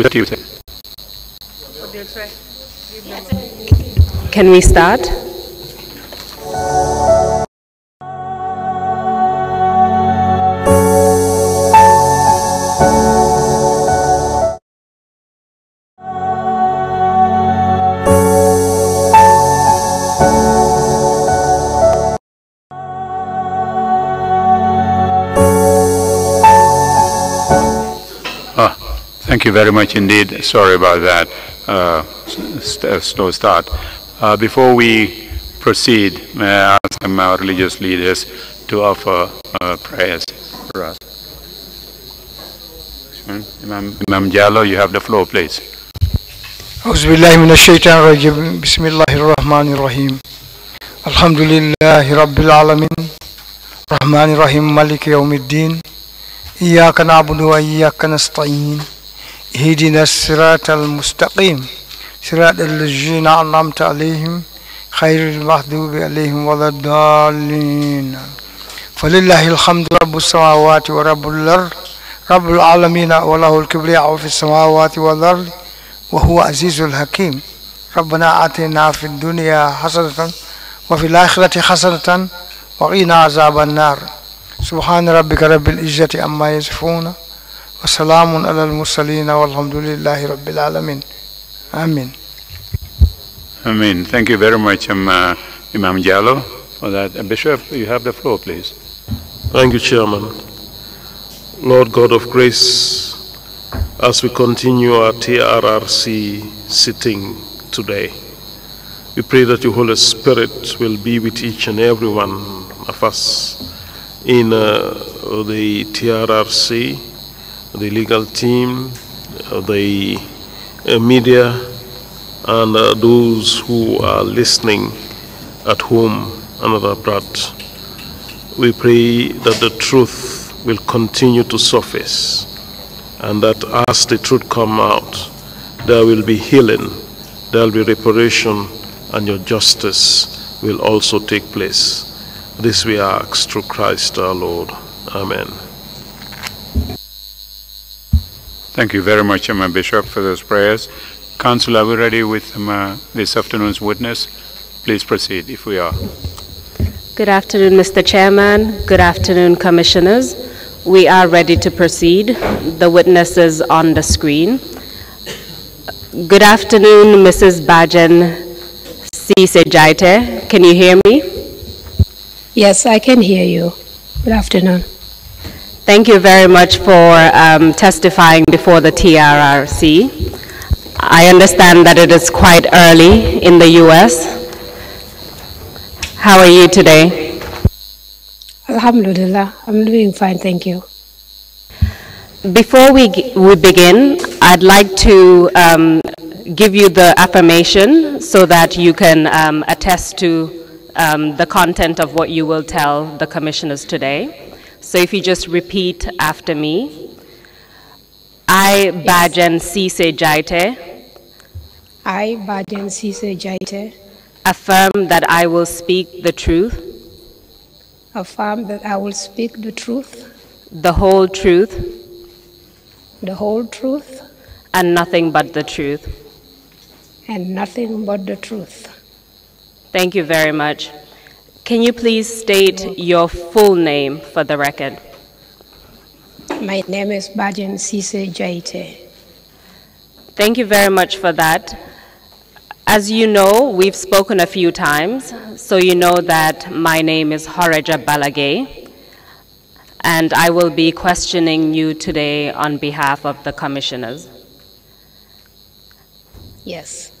to students. Can we start? Thank you very much indeed. Sorry about that uh, uh, slow start. Uh, before we proceed, may I ask our uh, religious leaders to offer uh, prayers for us. Hmm? Imam, Imam Jallo, you have the floor, please. أعوذ بالله من الشيطان الرجيم بسم الله الرحمن الرحيم الحمد لله رب العالمين الرحمن الرحيم مالك يوم الدين إياك نعبد وإياك نستعين اهدنا الصراط المستقيم صراط الذين أنعمت عليهم خير المغضوب عليهم ولا الضالين فلله الحمد رب السماوات ورب الأرض رب العالمين وله الكبرياء في السماوات والأرض وهو عزيز الحكيم ربنا آتنا في الدنيا حسنة وفي الآخرة حسنة وقنا عذاب النار سبحان ربك رب العزة عما يصفون وسلام على المرسلين والحمد لله رب العالمين آمين Amen. Thank you very much, um, uh, Imam Jallo, for that. Uh, Bishop, you have the floor, please. Thank you, Chairman. Lord God of grace, as we continue our TRRC sitting today, we pray that your Holy Spirit will be with each and every one of us in uh, the TRRC the legal team, uh, the uh, media, and uh, those who are listening at home and other abroad. We pray that the truth will continue to surface and that as the truth comes out, there will be healing, there will be reparation, and your justice will also take place. This we ask through Christ our Lord. Amen. Thank you very much, Emma uh, Bishop, for those prayers. Council, are we ready with um, uh, this afternoon's witness? Please proceed, if we are. Good afternoon, Mr. Chairman. Good afternoon, Commissioners. We are ready to proceed. The witness is on the screen. Good afternoon, Mrs. Bajan Sisejaite. Can you hear me? Yes, I can hear you. Good afternoon. Thank you very much for um, testifying before the TRRC. I understand that it is quite early in the US. How are you today? Alhamdulillah, I'm doing fine, thank you. Before we, we begin, I'd like to um, give you the affirmation so that you can um, attest to um, the content of what you will tell the commissioners today. So if you just repeat after me. I Bajan Sise Jaite. I Bajan Sise Jaite. Affirm that I will speak the truth. Affirm that I will speak the truth. The whole truth. The whole truth. And nothing but the truth. And nothing but the truth. Thank you very much. Can you please state your full name for the record? My name is Bajan Sise Jaite. Thank you very much for that. As you know, we've spoken a few times, so you know that my name is Horeja Balagay, and I will be questioning you today on behalf of the commissioners. Yes.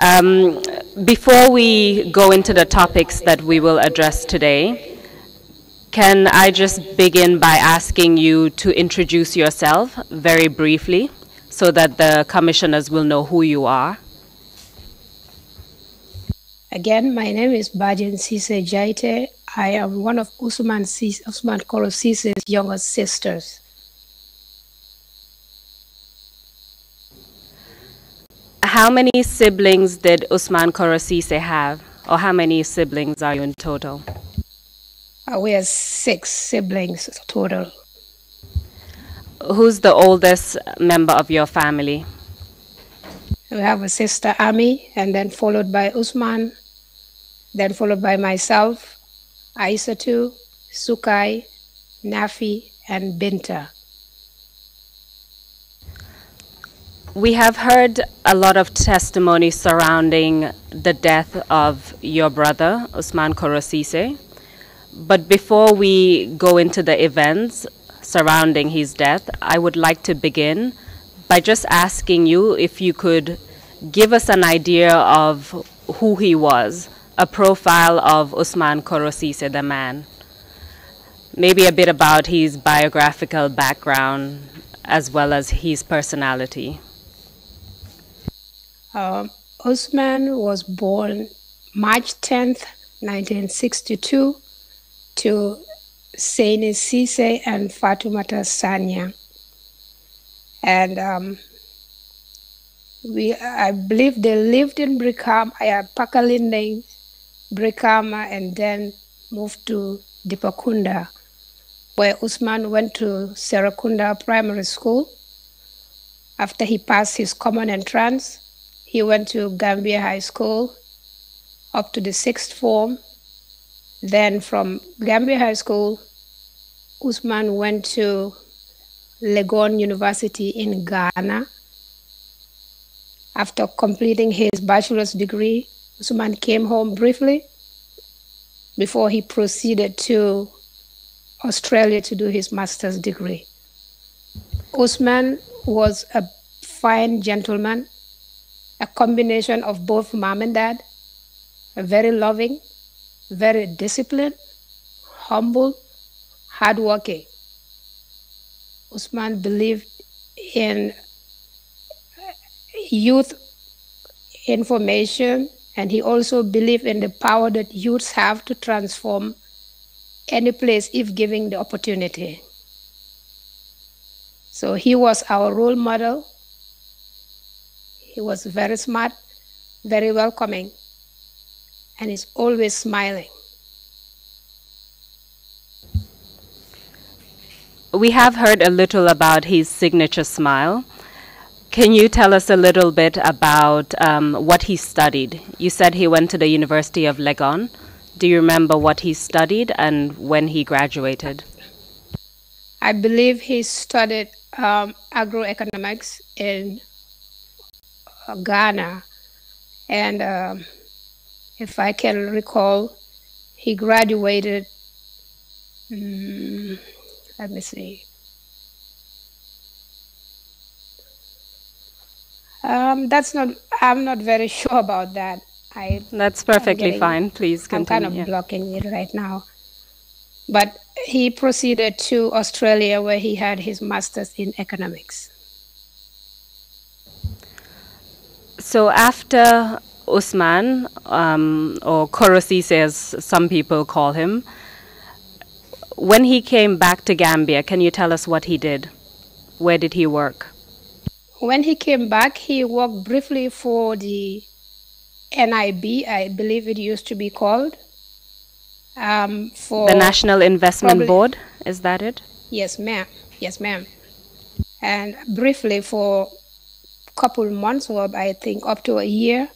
Um, before we go into the topics that we will address today, can I just begin by asking you to introduce yourself very briefly so that the commissioners will know who you are? Again, my name is Bajan Sise Jaite. I am one of Usman, Sise, Usman Koro Sise's younger sisters. How many siblings did Usman Korosise have? Or how many siblings are you in total? Uh, we have six siblings total. Who's the oldest member of your family? We have a sister, Ami, and then followed by Usman, then followed by myself, Aisatu, Sukai, Nafi, and Binta. We have heard a lot of testimony surrounding the death of your brother, Usman Korosise. But before we go into the events surrounding his death, I would like to begin by just asking you if you could give us an idea of who he was, a profile of Usman Korosise, the man. Maybe a bit about his biographical background as well as his personality. Uh, was born March 10th, 1962, to Saini Sise and Fatumata Sanya. And um, we, I believe they lived in Brikama, uh, Pakalinde, Brikama, and then moved to Dipakunda, where Usman went to Serakunda Primary School after he passed his common entrance he went to Gambia High School up to the sixth form. Then from Gambia High School, Usman went to Legon University in Ghana. After completing his bachelor's degree, Usman came home briefly before he proceeded to Australia to do his master's degree. Usman was a fine gentleman a combination of both mom and dad, very loving, very disciplined, humble, hardworking. Usman believed in uh, youth information and he also believed in the power that youths have to transform any place if given the opportunity. So he was our role model he was very smart, very welcoming, and is always smiling. We have heard a little about his signature smile. Can you tell us a little bit about um, what he studied? You said he went to the University of Legon. Do you remember what he studied and when he graduated? I believe he studied um, agroeconomics in Ghana. And um, if I can recall, he graduated, um, let me see. Um, that's not, I'm not very sure about that. I, that's perfectly getting, fine. Please continue. I'm kind of yeah. blocking it right now. But he proceeded to Australia where he had his master's in economics. So after Usman, um, or Korosis as some people call him, when he came back to Gambia, can you tell us what he did? Where did he work? When he came back, he worked briefly for the NIB, I believe it used to be called. Um, for the National Investment Board, is that it? Yes, ma'am. Yes, ma'am. And briefly for couple months or I think up to a year.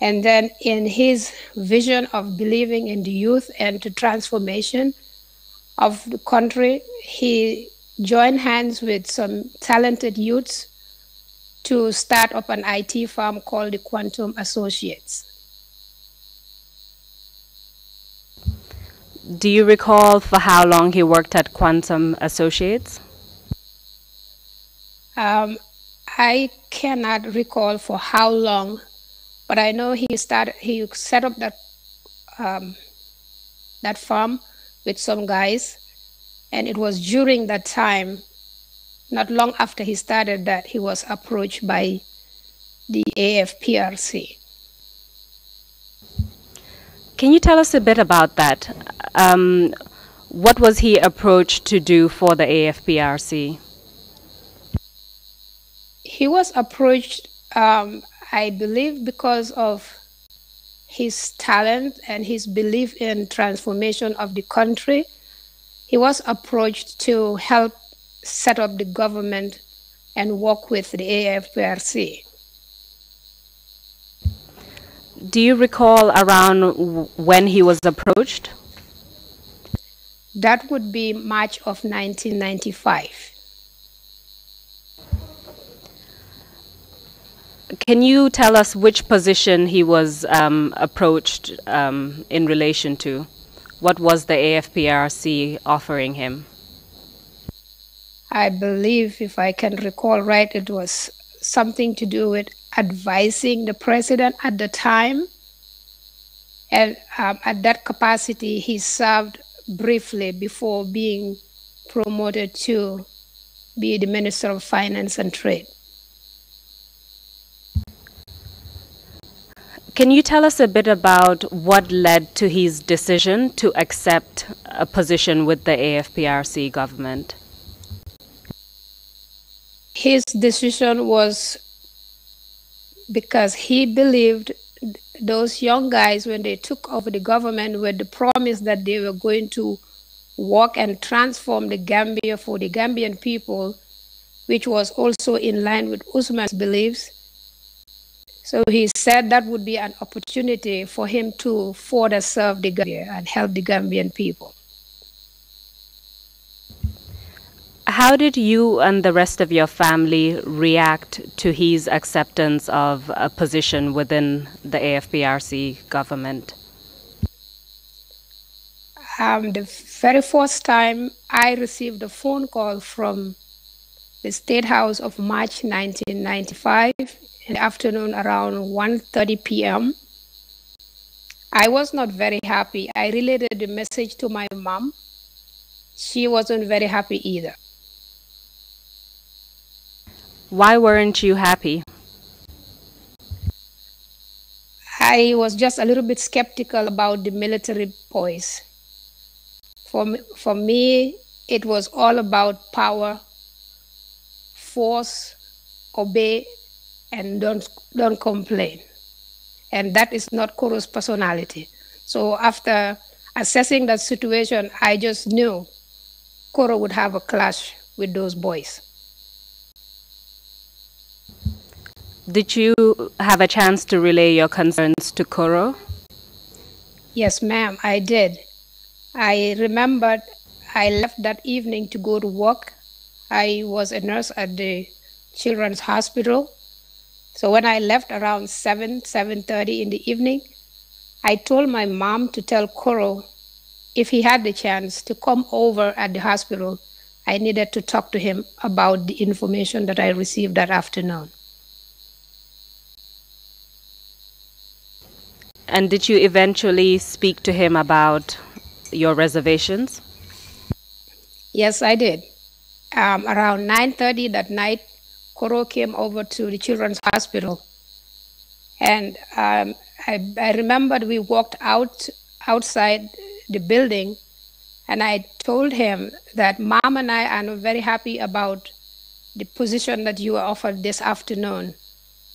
And then in his vision of believing in the youth and the transformation of the country, he joined hands with some talented youths to start up an IT firm called the Quantum Associates. Do you recall for how long he worked at Quantum Associates? Um, I cannot recall for how long, but I know he started he set up that um, that farm with some guys, and it was during that time, not long after he started that he was approached by the AFPRC. Can you tell us a bit about that? Um, what was he approached to do for the AFPRC? he was approached, um, I believe, because of his talent and his belief in transformation of the country. He was approached to help set up the government and work with the AFPRC. Do you recall around when he was approached? That would be March of 1995. can you tell us which position he was um, approached um, in relation to? What was the AFPRC offering him? I believe, if I can recall right, it was something to do with advising the president at the time. And um, at that capacity, he served briefly before being promoted to be the Minister of Finance and Trade. Can you tell us a bit about what led to his decision to accept a position with the AFPRC government? His decision was because he believed those young guys, when they took over the government, with the promise that they were going to work and transform the Gambia for the Gambian people, which was also in line with Usman's beliefs so he said that would be an opportunity for him to further serve the Gambia and help the Gambian people. How did you and the rest of your family react to his acceptance of a position within the AFPRC government? Um, the very first time I received a phone call from the State House of March 1995 in the afternoon around 1.30 p.m. I was not very happy. I related the message to my mom. She wasn't very happy either. Why weren't you happy? I was just a little bit skeptical about the military poise. For me, for me, it was all about power, force, obey, and don't don't complain and that is not Koro's personality so after assessing that situation i just knew Koro would have a clash with those boys did you have a chance to relay your concerns to Koro yes ma'am i did i remembered i left that evening to go to work i was a nurse at the children's hospital so when I left around 7, 7.30 in the evening, I told my mom to tell Koro if he had the chance to come over at the hospital, I needed to talk to him about the information that I received that afternoon. And did you eventually speak to him about your reservations? Yes, I did. Um, around 9:30 that night, Koro came over to the children's hospital. And um, I, I remembered we walked out outside the building and I told him that mom and I are not very happy about the position that you were offered this afternoon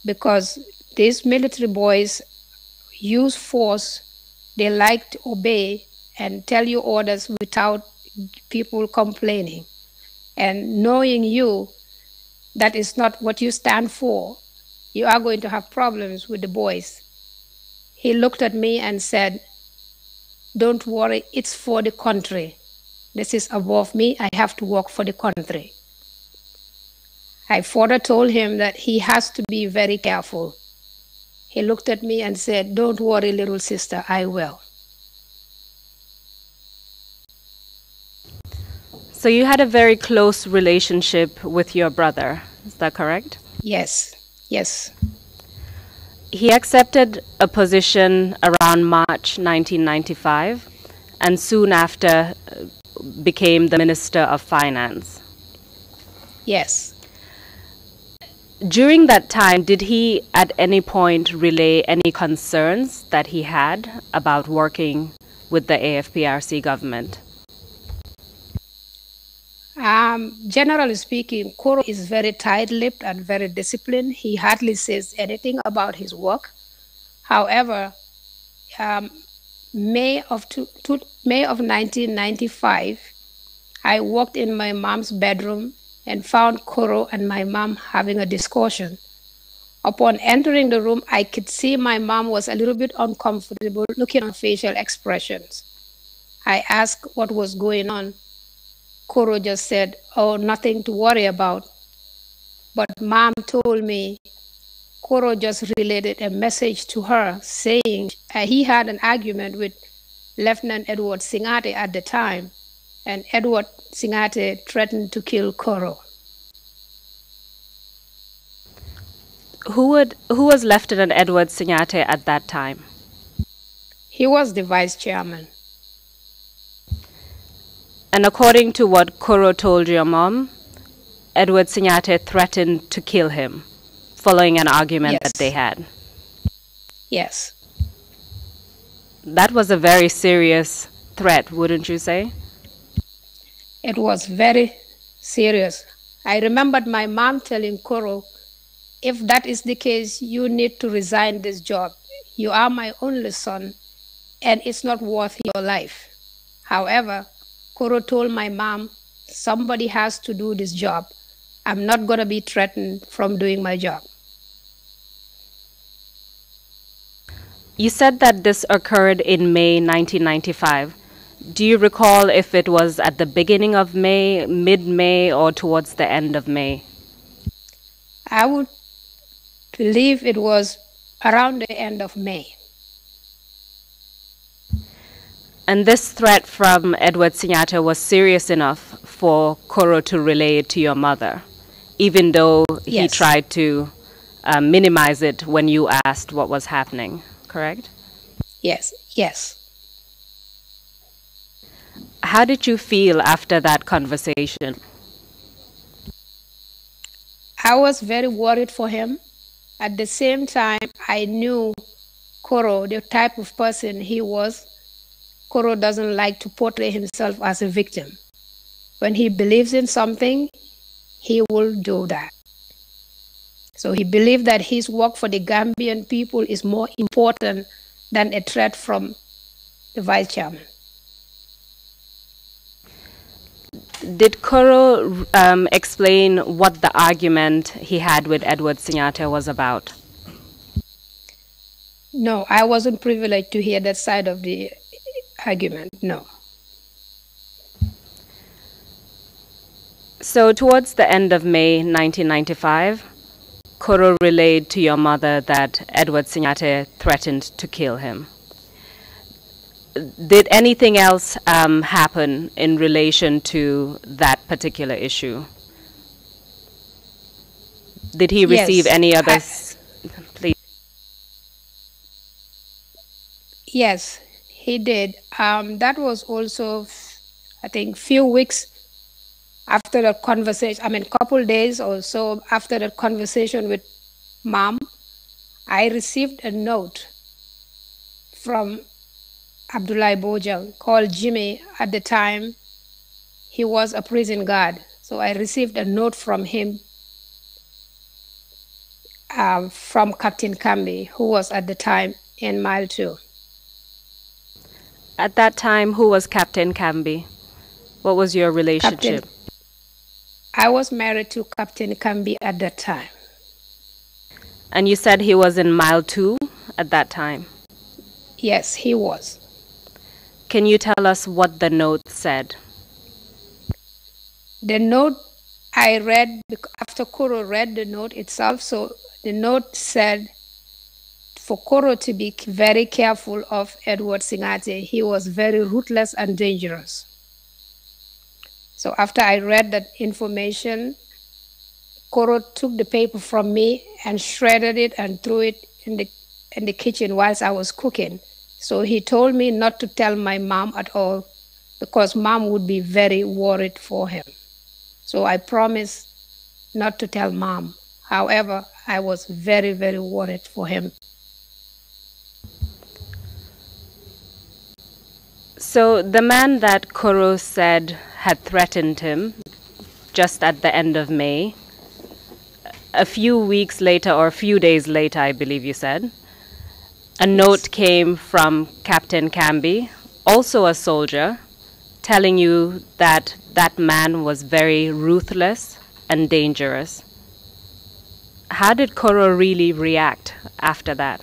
because these military boys use force, they like to obey and tell you orders without people complaining. And knowing you, that is not what you stand for. You are going to have problems with the boys. He looked at me and said, Don't worry, it's for the country. This is above me. I have to work for the country. I further told him that he has to be very careful. He looked at me and said, Don't worry, little sister, I will. So you had a very close relationship with your brother. Is that correct? Yes, yes. He accepted a position around March 1995 and soon after uh, became the Minister of Finance. Yes. During that time, did he at any point relay any concerns that he had about working with the AFPRC government? Um, generally speaking, Koro is very tight lipped and very disciplined. He hardly says anything about his work. However, um, May, of two, two, May of 1995, I walked in my mom's bedroom and found Koro and my mom having a discussion. Upon entering the room, I could see my mom was a little bit uncomfortable looking at facial expressions. I asked what was going on Koro just said, Oh, nothing to worry about. But mom told me Koro just related a message to her saying uh, he had an argument with Lieutenant Edward Singate at the time, and Edward Singate threatened to kill Koro. Who, would, who was Lieutenant Edward Singate at that time? He was the vice chairman. And according to what Koro told your mom, Edward Sinyate threatened to kill him following an argument yes. that they had. Yes. That was a very serious threat, wouldn't you say? It was very serious. I remembered my mom telling Koro, if that is the case, you need to resign this job. You are my only son, and it's not worth your life. However, Koro told my mom, somebody has to do this job. I'm not going to be threatened from doing my job. You said that this occurred in May 1995. Do you recall if it was at the beginning of May, mid May, or towards the end of May? I would believe it was around the end of May. And this threat from Edward Sinyata was serious enough for Koro to relay it to your mother, even though yes. he tried to uh, minimize it when you asked what was happening, correct? Yes, yes. How did you feel after that conversation? I was very worried for him. At the same time, I knew Koro, the type of person he was, Koro doesn't like to portray himself as a victim. When he believes in something, he will do that. So he believed that his work for the Gambian people is more important than a threat from the vice chairman. Did Koro um, explain what the argument he had with Edward Sinyate was about? No, I wasn't privileged to hear that side of the argument, no. So, towards the end of May 1995, Koro relayed to your mother that Edward Sinyate threatened to kill him. Did anything else um, happen in relation to that particular issue? Did he yes. receive any other? Please. Yes, he did. Um, that was also, I think, few weeks after the conversation. I mean, couple days or so after the conversation with mom, I received a note from Abdullah Bojang called Jimmy. At the time, he was a prison guard. So I received a note from him uh, from Captain Kambi, who was at the time in Mile 2. At that time, who was Captain Camby? What was your relationship? Captain, I was married to Captain Camby at that time. And you said he was in mile two at that time? Yes, he was. Can you tell us what the note said? The note I read after Kuro read the note itself, so the note said, for Koro to be very careful of Edward Singate. He was very ruthless and dangerous. So after I read that information, Koro took the paper from me and shredded it and threw it in the in the kitchen whilst I was cooking. So he told me not to tell my mom at all because mom would be very worried for him. So I promised not to tell mom. However, I was very, very worried for him. So the man that Koro said had threatened him just at the end of May, a few weeks later or a few days later, I believe you said, a note came from Captain Camby, also a soldier, telling you that that man was very ruthless and dangerous. How did Koro really react after that?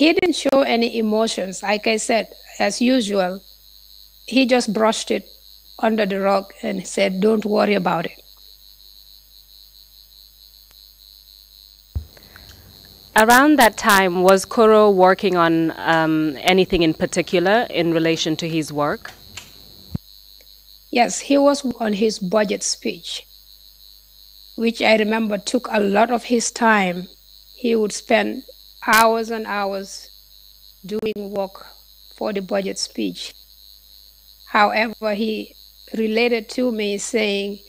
He didn't show any emotions. Like I said, as usual, he just brushed it under the rug and said, Don't worry about it. Around that time, was Koro working on um, anything in particular in relation to his work? Yes, he was on his budget speech, which I remember took a lot of his time. He would spend hours and hours doing work for the budget speech. However, he related to me saying,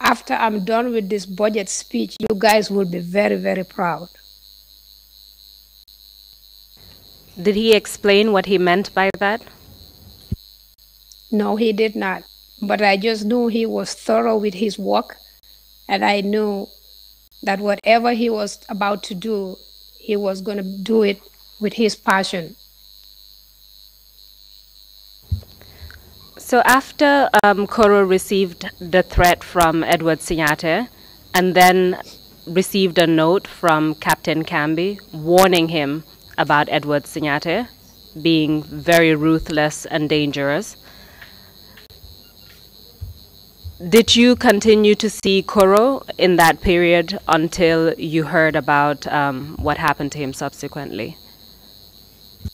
after I'm done with this budget speech, you guys will be very, very proud. Did he explain what he meant by that? No, he did not. But I just knew he was thorough with his work, and I knew that whatever he was about to do, he was going to do it with his passion. So after um, Koro received the threat from Edward Sinyate and then received a note from Captain Camby warning him about Edward Sinyate being very ruthless and dangerous, did you continue to see Koro in that period until you heard about um, what happened to him subsequently?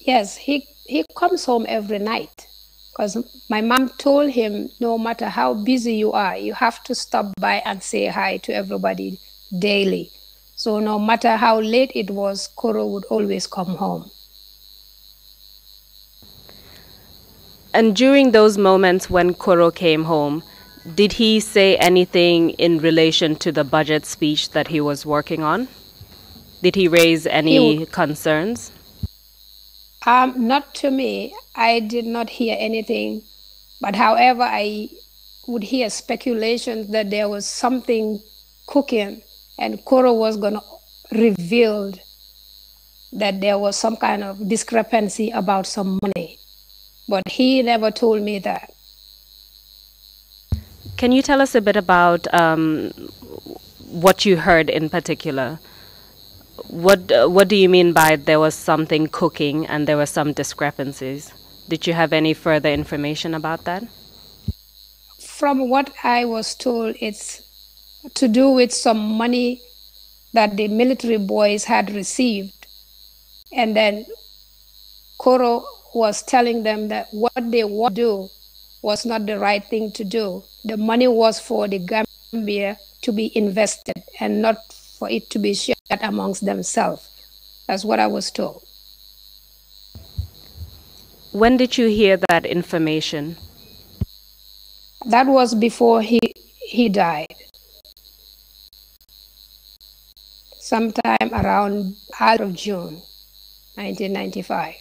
Yes, he, he comes home every night because my mom told him no matter how busy you are, you have to stop by and say hi to everybody daily. So no matter how late it was, Koro would always come home. And during those moments when Koro came home, did he say anything in relation to the budget speech that he was working on? Did he raise any he concerns? Um, not to me. I did not hear anything. But however, I would hear speculations that there was something cooking and Koro was going to reveal that there was some kind of discrepancy about some money. But he never told me that. Can you tell us a bit about um, what you heard in particular? What uh, What do you mean by there was something cooking and there were some discrepancies? Did you have any further information about that? From what I was told, it's to do with some money that the military boys had received, and then Koro was telling them that what they would do was not the right thing to do the money was for the Gambia to be invested and not for it to be shared amongst themselves. That's what I was told. When did you hear that information? That was before he, he died. Sometime around out of June, 1995.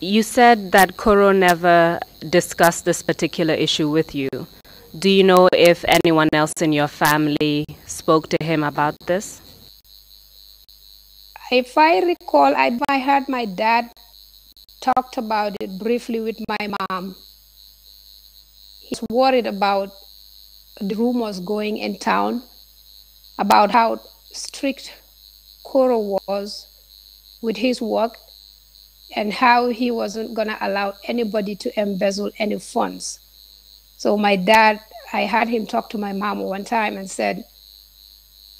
You said that Koro never discussed this particular issue with you. Do you know if anyone else in your family spoke to him about this? If I recall, I, heard my dad talked about it briefly with my mom. He's worried about the rumors going in town about how strict Koro was with his work and how he wasn't going to allow anybody to embezzle any funds. So my dad, I had him talk to my mom one time and said,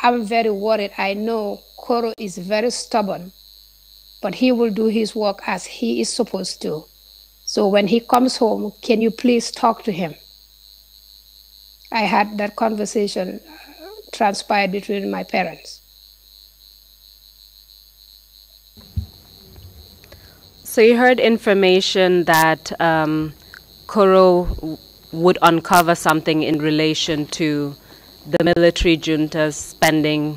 I'm very worried. I know Koro is very stubborn, but he will do his work as he is supposed to. So when he comes home, can you please talk to him? I had that conversation uh, transpired between my parents. So you heard information that um, Koro would uncover something in relation to the military junta spending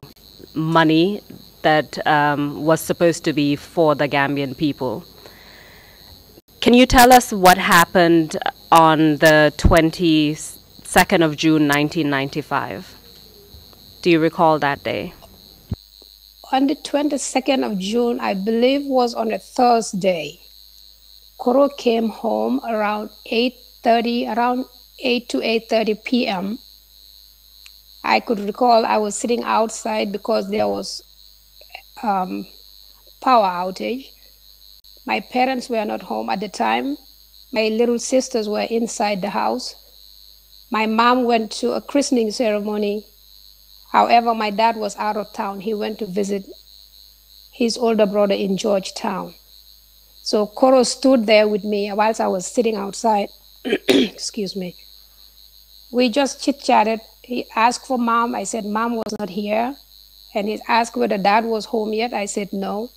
money that um, was supposed to be for the Gambian people. Can you tell us what happened on the 22nd of June 1995? Do you recall that day? on the 22nd of June, I believe was on a Thursday. Koro came home around 8:30, around 8 to 8:30 p.m. I could recall I was sitting outside because there was um, power outage. My parents were not home at the time. My little sisters were inside the house. My mom went to a christening ceremony However, my dad was out of town. He went to visit his older brother in Georgetown. So Koro stood there with me whilst I was sitting outside. Excuse me. We just chit chatted. He asked for mom. I said, Mom was not here. And he asked whether dad was home yet. I said, No.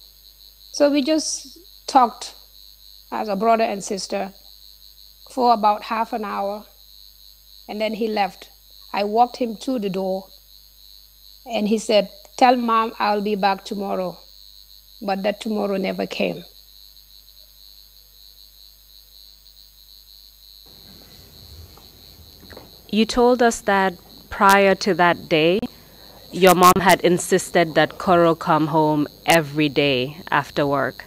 So we just talked as a brother and sister for about half an hour. And then he left. I walked him to the door and he said, Tell mom I'll be back tomorrow. But that tomorrow never came. You told us that prior to that day, your mom had insisted that Koro come home every day after work.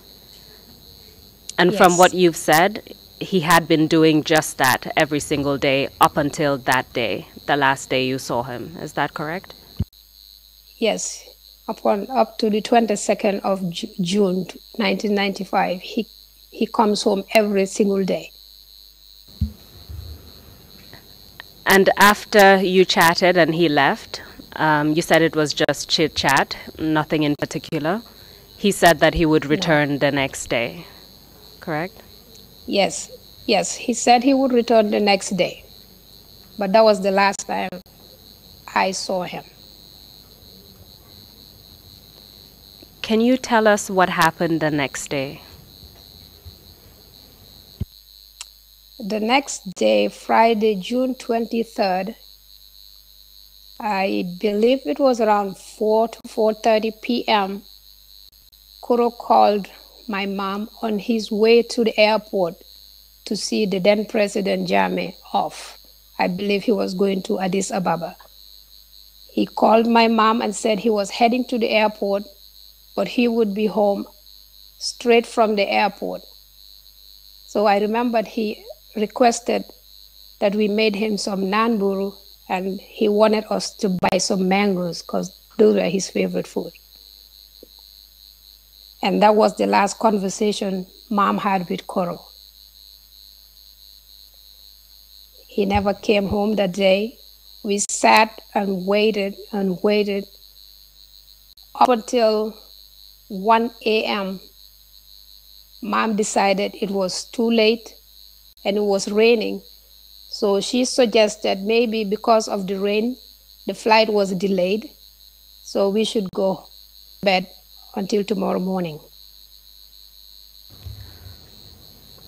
And yes. from what you've said, he had been doing just that every single day up until that day, the last day you saw him. Is that correct? Yes, upon up to the 22nd of June 1995, he he comes home every single day. And after you chatted and he left, um, you said it was just chit chat, nothing in particular. He said that he would return no. the next day, correct? Yes, yes. He said he would return the next day. But that was the last time I saw him. Can you tell us what happened the next day? The next day, Friday, June 23rd, I believe it was around 4 to 4:30 p.m. Kuro called my mom on his way to the airport to see the then president Jame off. I believe he was going to Addis Ababa. He called my mom and said he was heading to the airport but he would be home straight from the airport. So I remembered he requested that we made him some nanburu and he wanted us to buy some mangoes because those were his favorite food. And that was the last conversation mom had with Koro. He never came home that day. We sat and waited and waited up until 1 a.m. Mom decided it was too late and it was raining. So she suggested maybe because of the rain, the flight was delayed. So we should go bed until tomorrow morning.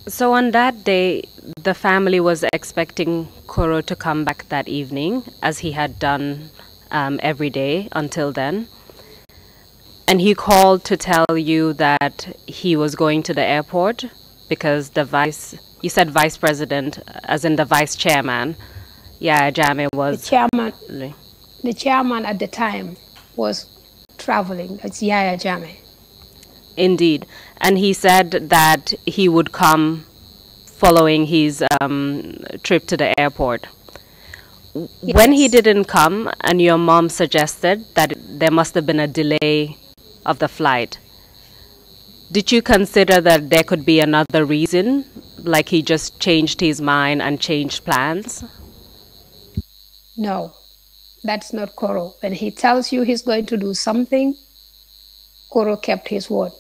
So on that day, the family was expecting Koro to come back that evening, as he had done um, every day until then. And he called to tell you that he was going to the airport because the vice, you said vice president, as in the vice chairman. Yeah, Jame was. The chairman, the chairman at the time was traveling. It's Yaya Jame. Indeed. And he said that he would come following his um, trip to the airport. Yes. When he didn't come, and your mom suggested that there must have been a delay of the flight. Did you consider that there could be another reason, like he just changed his mind and changed plans? No, that's not Koro. When he tells you he's going to do something, Koro kept his word.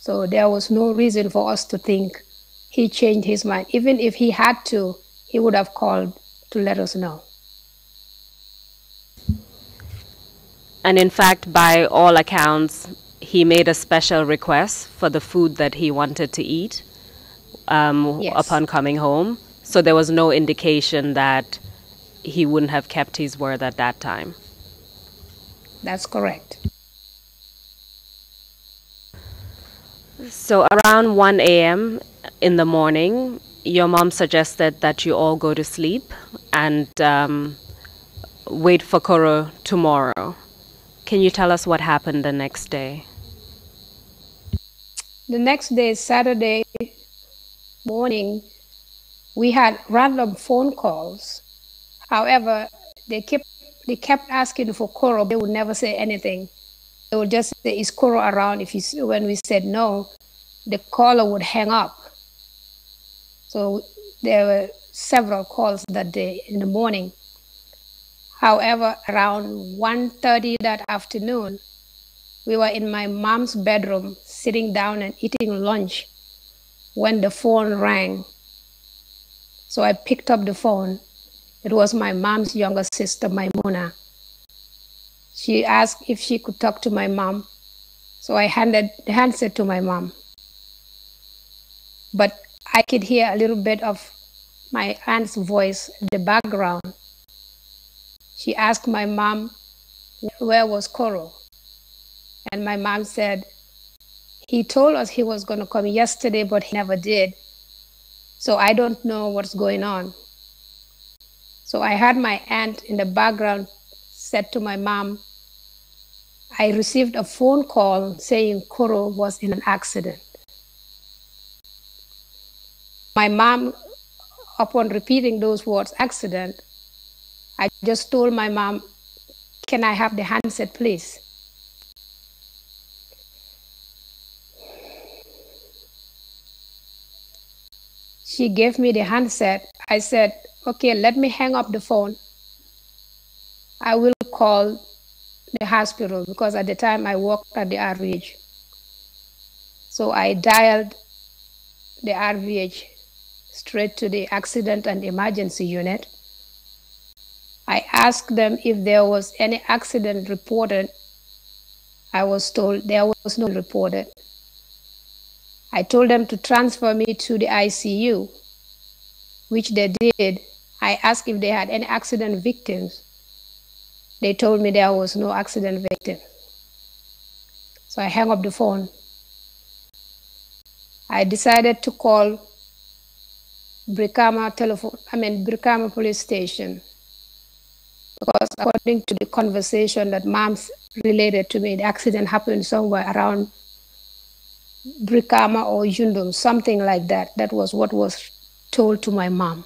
So there was no reason for us to think he changed his mind. Even if he had to, he would have called to let us know. And in fact, by all accounts, he made a special request for the food that he wanted to eat um, yes. upon coming home. So there was no indication that he wouldn't have kept his word at that time. That's correct. So around 1 a.m. in the morning, your mom suggested that you all go to sleep and um, wait for Koro tomorrow. Can you tell us what happened the next day? The next day, Saturday morning, we had random phone calls. However, they kept they kept asking for Koro. They would never say anything. They would just say, "Is Koro around?" If you when we said no, the caller would hang up. So there were several calls that day in the morning. However, around 1.30 that afternoon, we were in my mom's bedroom sitting down and eating lunch when the phone rang. So I picked up the phone. It was my mom's younger sister, Maimuna. She asked if she could talk to my mom. So I handed the handset to my mom. But I could hear a little bit of my aunt's voice in the background she asked my mom, where was Koro? And my mom said, he told us he was going to come yesterday, but he never did. So I don't know what's going on. So I had my aunt in the background said to my mom, I received a phone call saying Koro was in an accident. My mom, upon repeating those words, accident, I just told my mom, Can I have the handset, please? She gave me the handset. I said, Okay, let me hang up the phone. I will call the hospital because at the time I worked at the RVH. So I dialed the RVH straight to the accident and emergency unit. I asked them if there was any accident reported. I was told there was no reported. I told them to transfer me to the ICU, which they did. I asked if they had any accident victims. They told me there was no accident victim. So I hung up the phone. I decided to call Brikama telephone, I mean Brikama police station because according to the conversation that mom's related to me, the accident happened somewhere around Brikama or Yundum, something like that. That was what was told to my mom.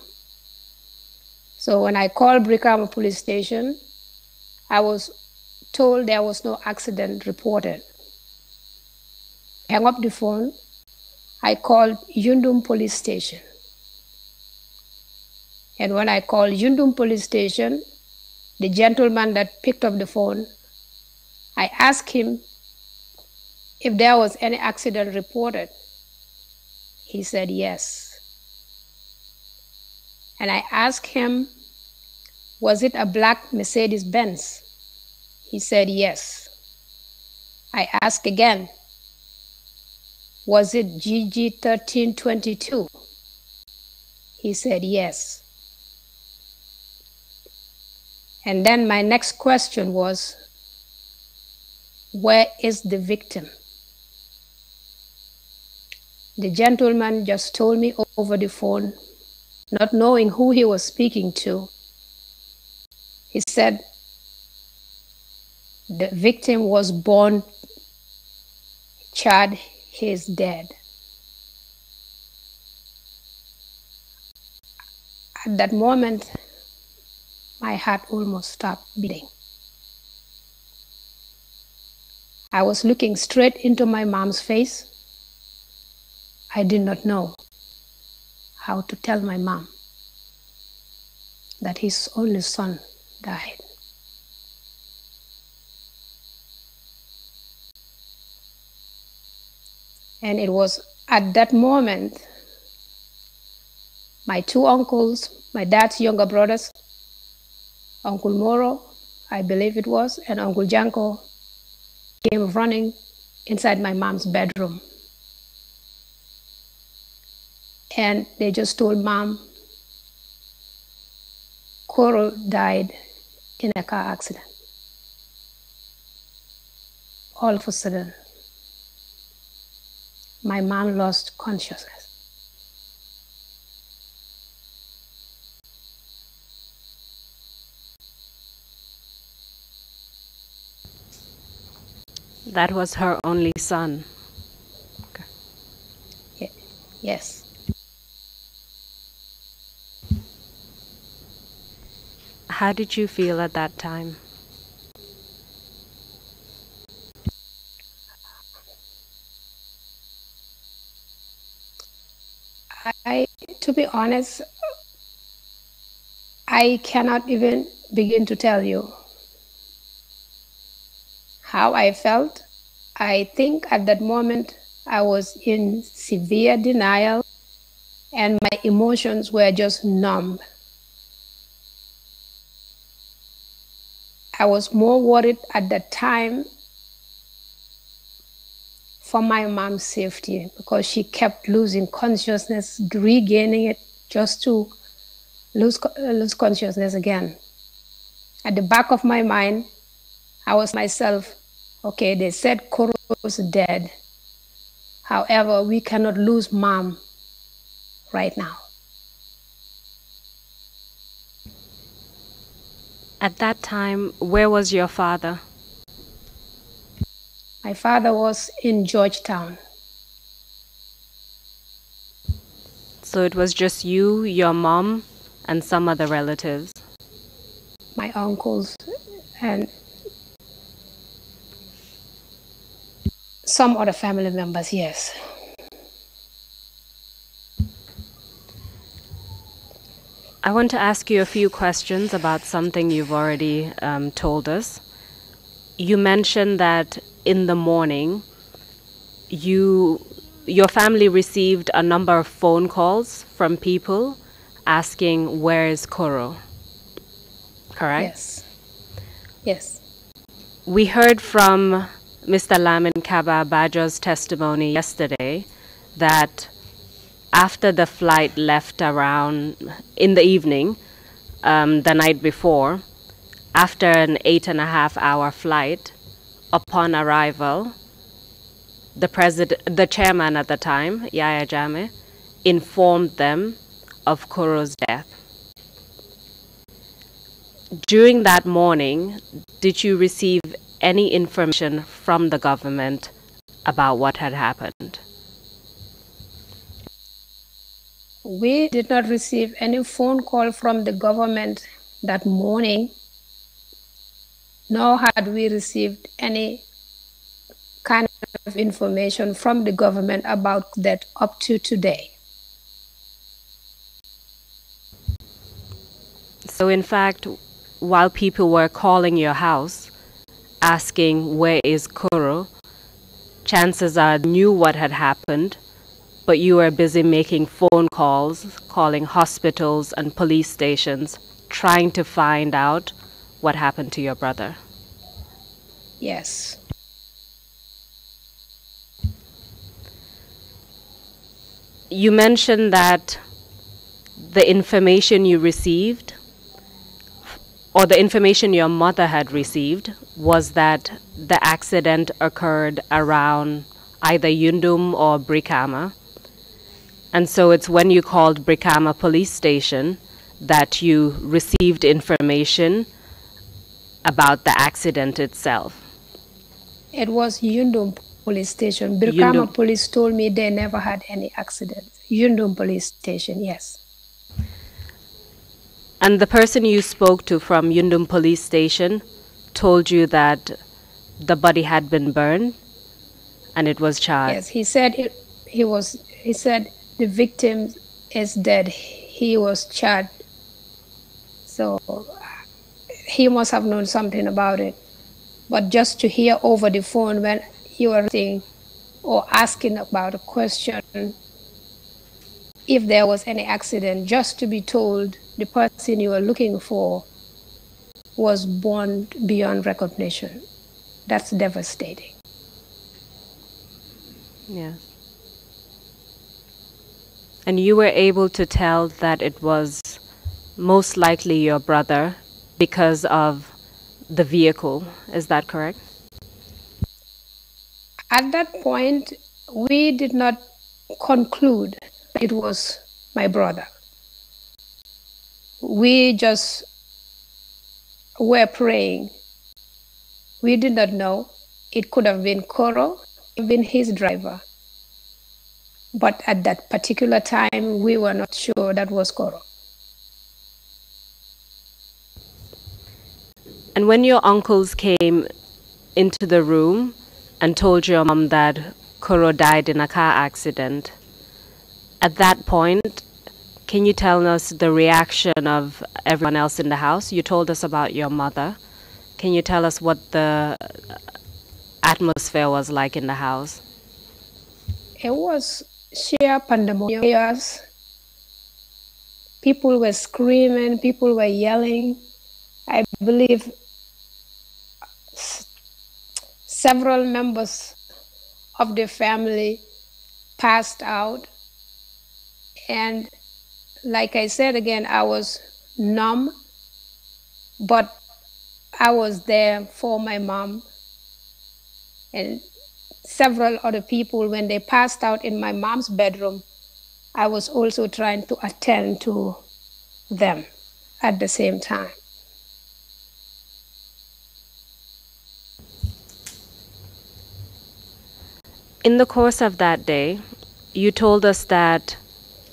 So when I called Brikama police station, I was told there was no accident reported. Hang up the phone. I called Yundum police station. And when I called Yundum police station, the gentleman that picked up the phone, I asked him if there was any accident reported. He said yes. And I asked him, was it a black Mercedes Benz? He said yes. I asked again, was it GG1322? He said yes. And then my next question was where is the victim? The gentleman just told me over the phone, not knowing who he was speaking to. He said, The victim was born, Chad, he is dead. At that moment, I had almost stopped bleeding. I was looking straight into my mom's face. I did not know how to tell my mom that his only son died. And it was at that moment my two uncles, my dad's younger brothers, Uncle Moro, I believe it was, and Uncle Janko came running inside my mom's bedroom. And they just told mom, Coral died in a car accident. All of a sudden, my mom lost consciousness. that was her only son. Okay. Yes. How did you feel at that time? I, to be honest, I cannot even begin to tell you how I felt I think at that moment I was in severe denial and my emotions were just numb. I was more worried at that time for my mom's safety because she kept losing consciousness, regaining it just to lose, uh, lose consciousness again. At the back of my mind, I was myself Okay, they said Koro is dead. However, we cannot lose mom right now. At that time, where was your father? My father was in Georgetown. So it was just you, your mom, and some other relatives? My uncles and some other family members, yes. I want to ask you a few questions about something you've already um, told us. You mentioned that in the morning, you your family received a number of phone calls from people asking where is Koro. Correct. Yes. Yes. We heard from Mr. Lamin Kaba Bajo's testimony yesterday that after the flight left around in the evening, um, the night before, after an eight and a half hour flight, upon arrival, the president, the chairman at the time, Yaya Jame, informed them of Koro's death. During that morning, did you receive any information from the government about what had happened? We did not receive any phone call from the government that morning, nor had we received any kind of information from the government about that up to today. So, in fact, while people were calling your house, asking, Where is Koro? Chances are knew what had happened, but you were busy making phone calls, calling hospitals and police stations, trying to find out what happened to your brother. Yes. You mentioned that the information you received or the information your mother had received was that the accident occurred around either Yundum or Brikama. And so it's when you called Brikama police station that you received information about the accident itself. It was Yundum police station. Brikama Yundum. police told me they never had any accidents. Yundum police station, yes. And the person you spoke to from Yundum police station told you that the body had been burned and it was charred. Yes, he said it, he was he said the victim is dead. He was charred. So he must have known something about it. But just to hear over the phone when you were saying or asking about a question if there was any accident, just to be told the person you were looking for was born beyond recognition. That's devastating. Yeah. And you were able to tell that it was most likely your brother because of the vehicle. Is that correct? At that point, we did not conclude it was my brother. We just were praying. We did not know. It could have been Koro, even his driver. But at that particular time, we were not sure that was Koro. And when your uncles came into the room and told your mom that Koro died in a car accident, at that point, can you tell us the reaction of everyone else in the house? You told us about your mother. Can you tell us what the atmosphere was like in the house? It was sheer pandemonium. People were screaming, people were yelling. I believe several members of the family passed out and like I said again, I was numb, but I was there for my mom and several other people when they passed out in my mom's bedroom. I was also trying to attend to them at the same time. In the course of that day, you told us that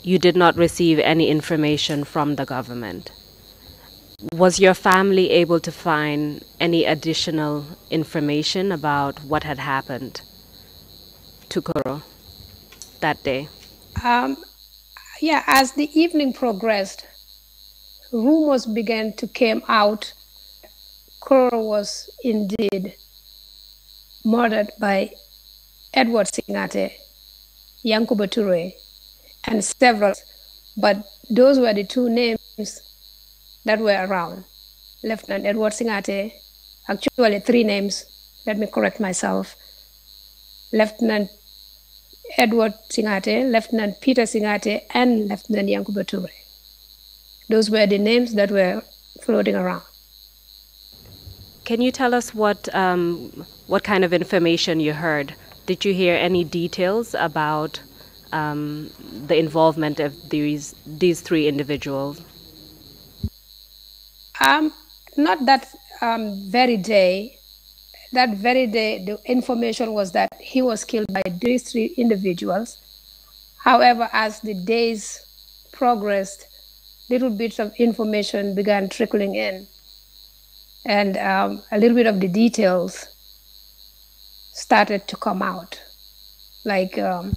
you did not receive any information from the government. Was your family able to find any additional information about what had happened to Koro that day? Um, yeah, as the evening progressed, rumors began to came out. Koro was indeed murdered by Edward Singate, Yankuba Ture, and several, but those were the two names that were around. Lieutenant Edward Singate, actually three names, let me correct myself. Lieutenant Edward Singate, Lieutenant Peter Singate, and Lieutenant Yankuba Toure. Those were the names that were floating around. Can you tell us what um, what kind of information you heard? Did you hear any details about um, the involvement of these these three individuals? Um, not that um, very day. That very day, the information was that he was killed by these three individuals. However, as the days progressed, little bits of information began trickling in, and um, a little bit of the details started to come out, like um,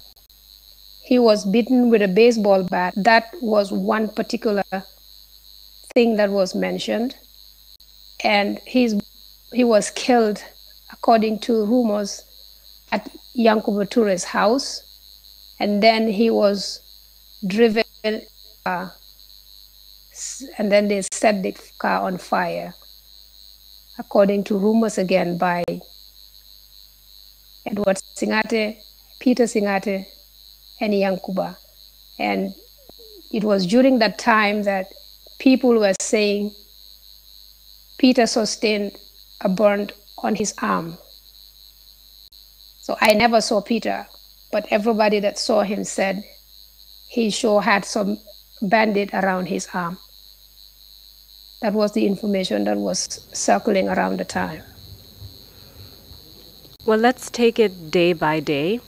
he was beaten with a baseball bat. That was one particular thing that was mentioned. And he's, he was killed, according to rumors, at Yankuba house. And then he was driven, uh, and then they set the car on fire, according to rumors again by Edward Singate, Peter Singate, and Yankuba. And it was during that time that people were saying Peter sustained a burn on his arm. So I never saw Peter, but everybody that saw him said he sure had some bandit around his arm. That was the information that was circling around the time. Well, let's take it day by day.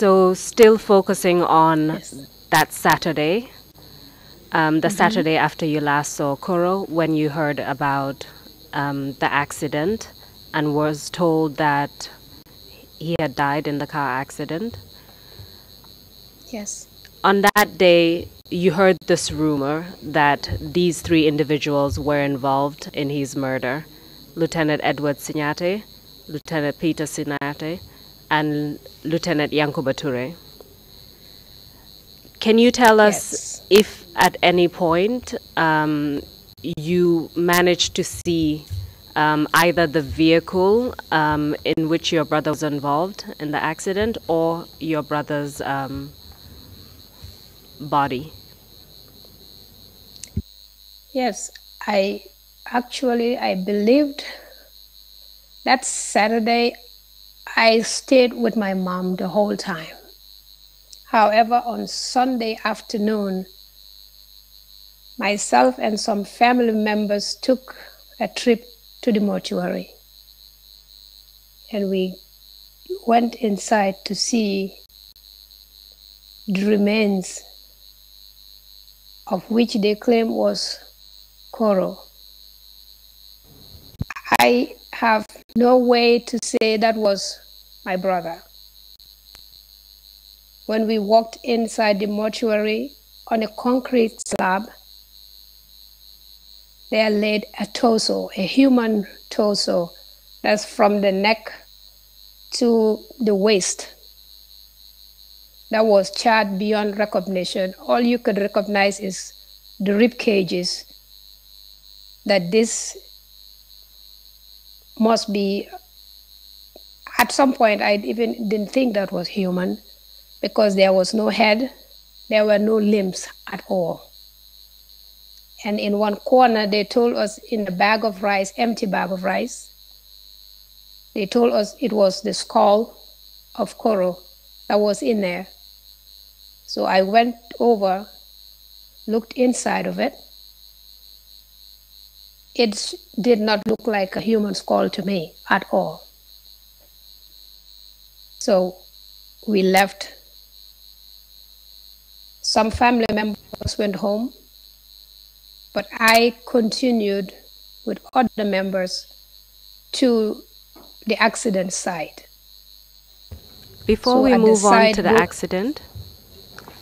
So still focusing on yes. that Saturday, um, the mm-hmm. Saturday after you last saw Koro, when you heard about um, the accident and was told that he had died in the car accident. Yes. On that day, you heard this rumor that these three individuals were involved in his murder Lieutenant Edward Signate, Lieutenant Peter Signate, and Lieutenant Yanko Bature. Can you tell us yes. if at any point um, you managed to see um, either the vehicle um, in which your brother was involved in the accident or your brother's um, body? Yes, I actually I believed that Saturday I stayed with my mom the whole time. However, on Sunday afternoon, myself and some family members took a trip to the mortuary. And we went inside to see the remains of which they claim was Koro. I have no way to say that was my brother. When we walked inside the mortuary on a concrete slab, there laid a torso, a human torso, that's from the neck to the waist. That was charred beyond recognition. All you could recognize is the rib cages that this must be at some point i even didn't think that was human because there was no head there were no limbs at all and in one corner they told us in the bag of rice empty bag of rice they told us it was the skull of Koro that was in there so i went over looked inside of it it did not look like a human skull to me at all. So we left. Some family members went home, but I continued with other members to the accident site. Before so we move on to the accident,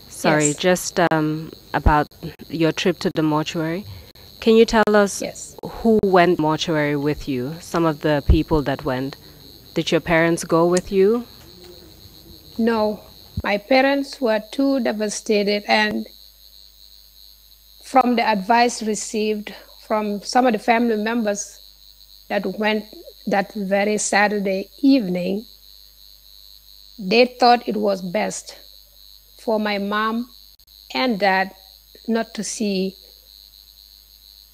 sorry, yes. just um, about your trip to the mortuary. Can you tell us yes. who went mortuary with you? Some of the people that went. Did your parents go with you? No. My parents were too devastated and from the advice received from some of the family members that went that very Saturday evening, they thought it was best for my mom and dad not to see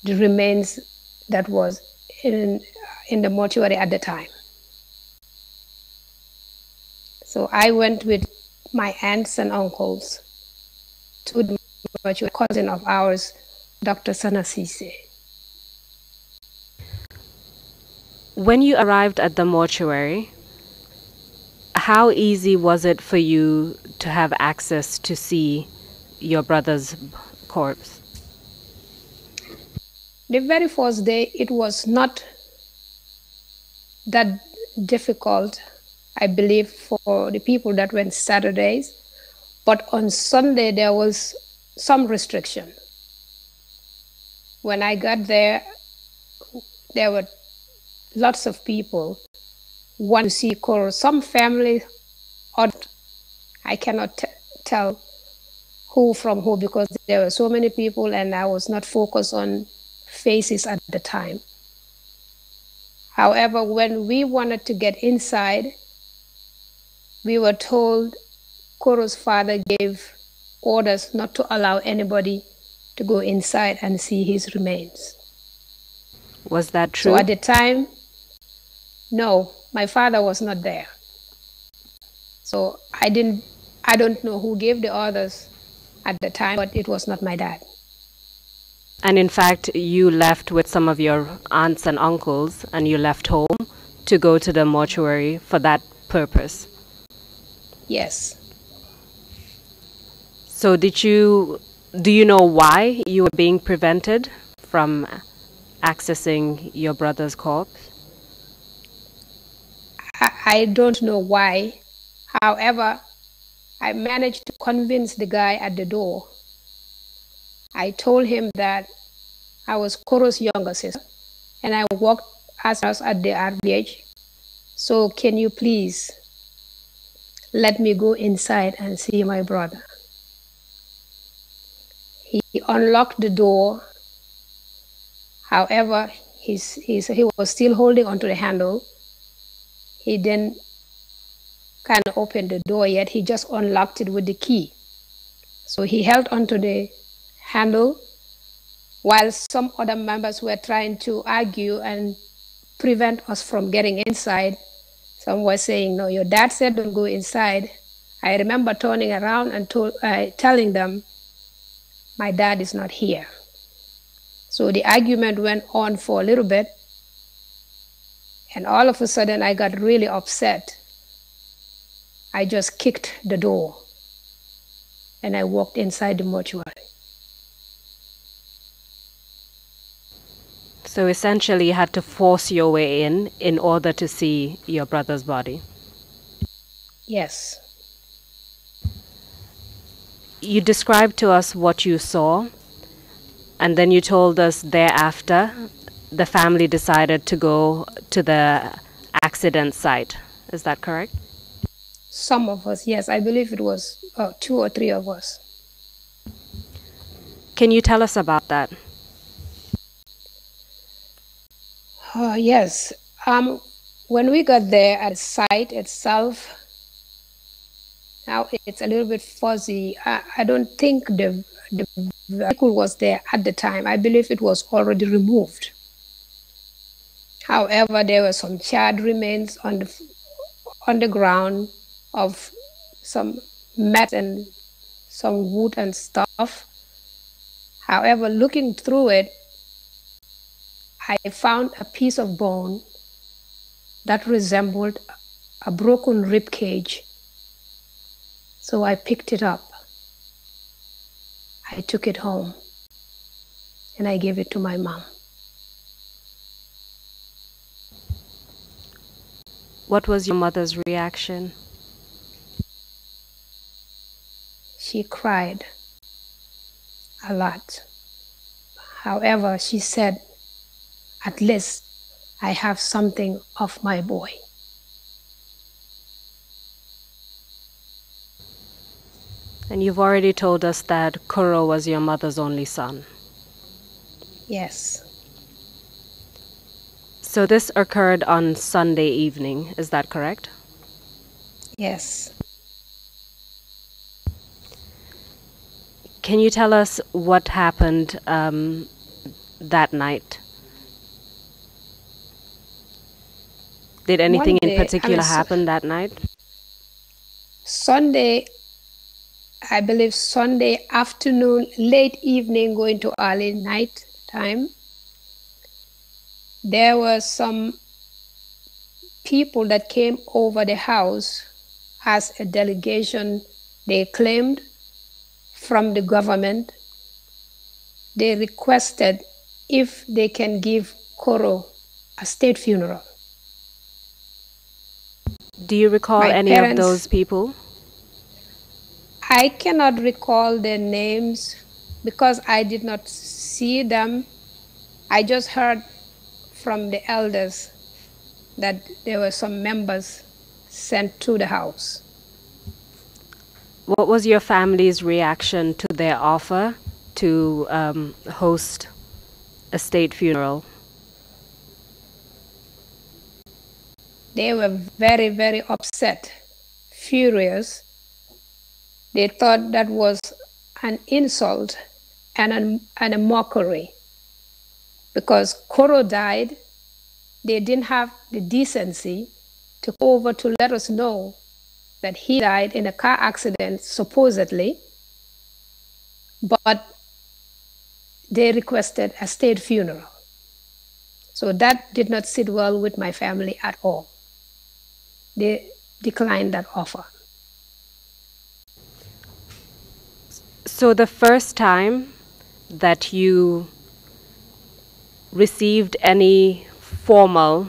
the remains that was in, in the mortuary at the time. So I went with my aunts and uncles to the mortuary, cousin of ours, Dr. Sanasise. When you arrived at the mortuary, how easy was it for you to have access to see your brother's corpse? The very first day, it was not that difficult, I believe, for the people that went Saturdays. But on Sunday, there was some restriction. When I got there, there were lots of people want to see Koro. Some family, or I cannot t- tell who from who because there were so many people and I was not focused on faces at the time. However, when we wanted to get inside, we were told Koro's father gave orders not to allow anybody to go inside and see his remains. Was that true? So at the time, no, my father was not there. So I didn't I don't know who gave the orders at the time, but it was not my dad. And in fact, you left with some of your aunts and uncles and you left home to go to the mortuary for that purpose. Yes. So did you do you know why you were being prevented from accessing your brother's corpse? I, don't know why. However, I managed to convince the guy at the door I told him that I was Koro's younger sister and I worked as nurse at the RBH. So can you please let me go inside and see my brother? He unlocked the door. However, he's, he's, he was still holding onto the handle. He didn't can't open the door yet. He just unlocked it with the key. So he held onto the handle, while some other members were trying to argue and prevent us from getting inside. Some were saying, No, your dad said don't go inside. I remember turning around and uh, telling them, My dad is not here. So the argument went on for a little bit. And all of a sudden, I got really upset. I just kicked the door and I walked inside the mortuary. So essentially, you had to force your way in in order to see your brother's body. Yes. You described to us what you saw, and then you told us thereafter the family decided to go to the accident site. Is that correct? Some of us, yes. I believe it was uh, two or three of us. Can you tell us about that? Oh, yes. Um, when we got there at the site itself, now it's a little bit fuzzy. I, I don't think the, the vehicle was there at the time. I believe it was already removed. However, there were some charred remains on the, on the ground of some mat and some wood and stuff. However, looking through it, I found a piece of bone that resembled a broken rib cage. So I picked it up. I took it home and I gave it to my mom. What was your mother's reaction? She cried a lot. However, she said at least I have something of my boy. And you've already told us that Kuro was your mother's only son. Yes. So this occurred on Sunday evening, is that correct? Yes. Can you tell us what happened um, that night? Did anything day, in particular I mean, happen that night? Sunday, I believe Sunday afternoon, late evening, going to early night time, there were some people that came over the house as a delegation, they claimed, from the government. They requested if they can give Koro a state funeral. Do you recall My any parents, of those people? I cannot recall their names because I did not see them. I just heard from the elders that there were some members sent to the house. What was your family's reaction to their offer to um, host a state funeral? They were very, very upset, furious. They thought that was an insult and a, and a mockery because Koro died. They didn't have the decency to go over to let us know that he died in a car accident, supposedly. But they requested a state funeral. So that did not sit well with my family at all they declined that offer. So the first time that you received any formal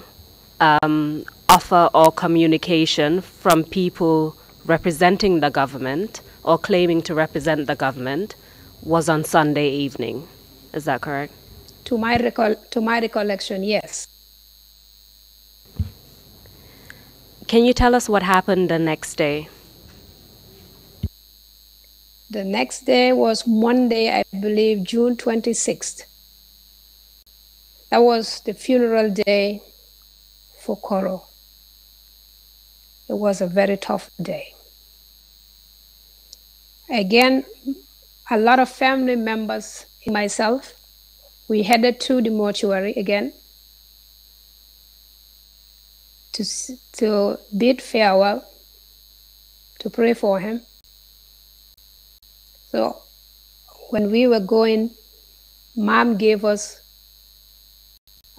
um, offer or communication from people representing the government or claiming to represent the government was on Sunday evening. Is that correct? To my, recol- to my recollection, yes. Can you tell us what happened the next day? The next day was Monday, I believe, June 26th. That was the funeral day for Koro. It was a very tough day. Again, a lot of family members, myself, we headed to the mortuary again to, to bid farewell, to pray for him. So when we were going, mom gave us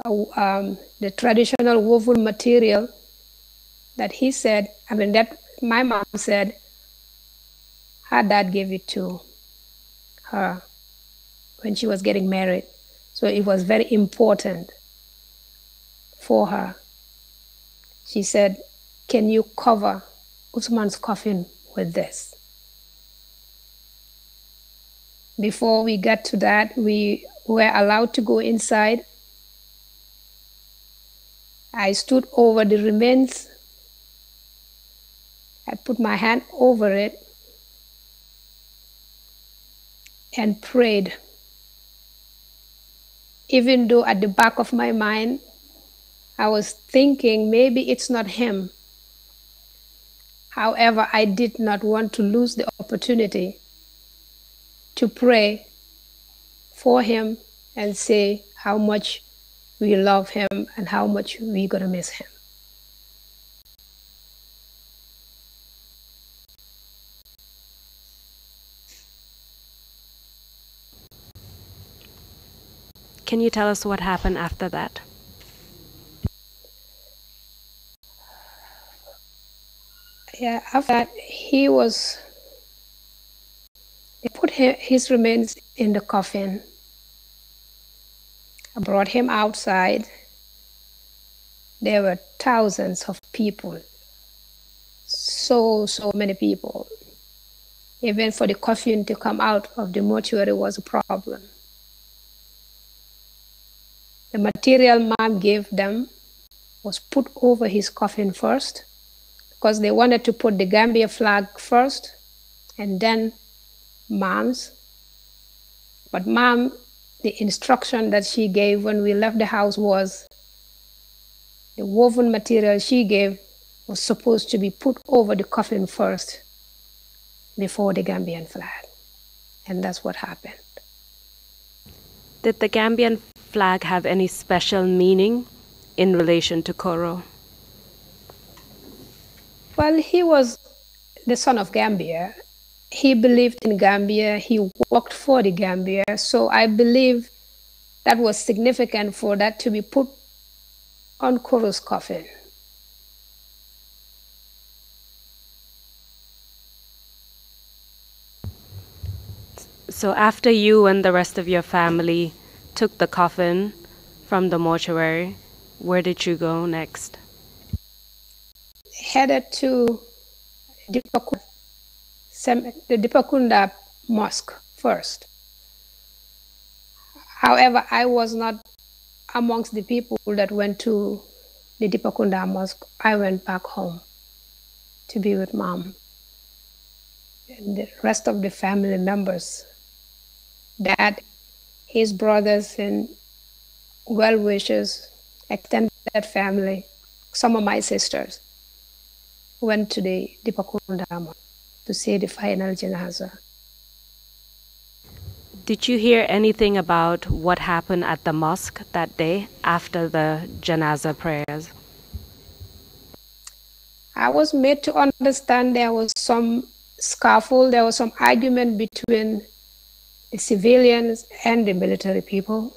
a, um, the traditional woven material that he said, I mean, that my mom said, her dad gave it to her when she was getting married. So it was very important for her she said, Can you cover Usman's coffin with this? Before we got to that, we were allowed to go inside. I stood over the remains. I put my hand over it and prayed. Even though at the back of my mind, I was thinking maybe it's not him. However, I did not want to lose the opportunity to pray for him and say how much we love him and how much we're going to miss him. Can you tell us what happened after that? Yeah, after that, he was. They put his remains in the coffin. I brought him outside. There were thousands of people. So, so many people. Even for the coffin to come out of the mortuary was a problem. The material mom gave them was put over his coffin first because they wanted to put the Gambia flag first and then mom's. But mom, the instruction that she gave when we left the house was the woven material she gave was supposed to be put over the coffin first before the Gambian flag. And that's what happened. Did the Gambian flag have any special meaning in relation to Koro? Well, he was the son of Gambia. He believed in Gambia. He worked for the Gambia. So I believe that was significant for that to be put on Koro's coffin. So after you and the rest of your family took the coffin from the mortuary, where did you go next? headed to the Dipakunda Mosque first. However, I was not amongst the people that went to the Dipakunda Mosque. I went back home to be with mom. And the rest of the family members, dad, his brothers, and well wishers, extended family, some of my sisters went to the Dipakundama to see the final janaza. Did you hear anything about what happened at the mosque that day after the janaza prayers? I was made to understand there was some scuffle, there was some argument between the civilians and the military people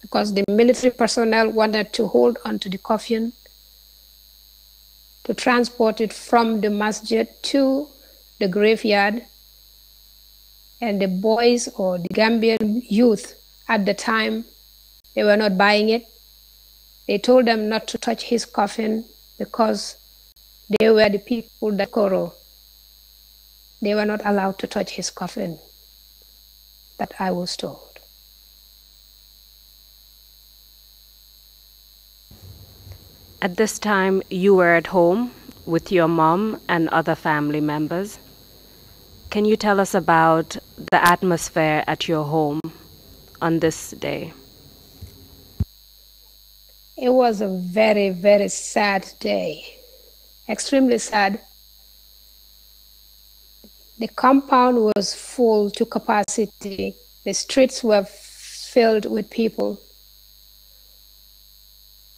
because the military personnel wanted to hold on to the coffin to transport it from the masjid to the graveyard. And the boys or the Gambian youth at the time, they were not buying it. They told them not to touch his coffin because they were the people that Koro. They were not allowed to touch his coffin that I was told. At this time, you were at home with your mom and other family members. Can you tell us about the atmosphere at your home on this day? It was a very, very sad day, extremely sad. The compound was full to capacity, the streets were filled with people.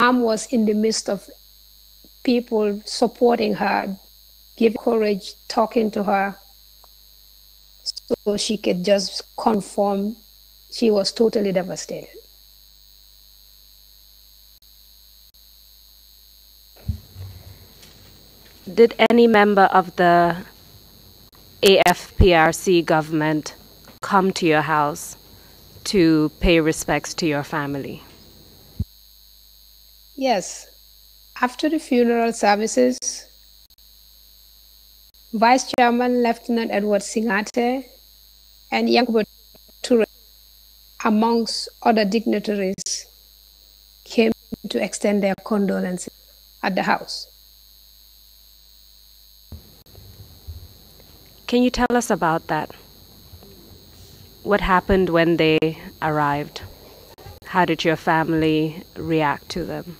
Am was in the midst of people supporting her, giving courage, talking to her, so she could just conform. She was totally devastated. Did any member of the AFPRC government come to your house to pay respects to your family? Yes, after the funeral services, Vice Chairman Lieutenant Edward Singate and Yankubo Ture, amongst other dignitaries, came to extend their condolences at the house. Can you tell us about that? What happened when they arrived? How did your family react to them?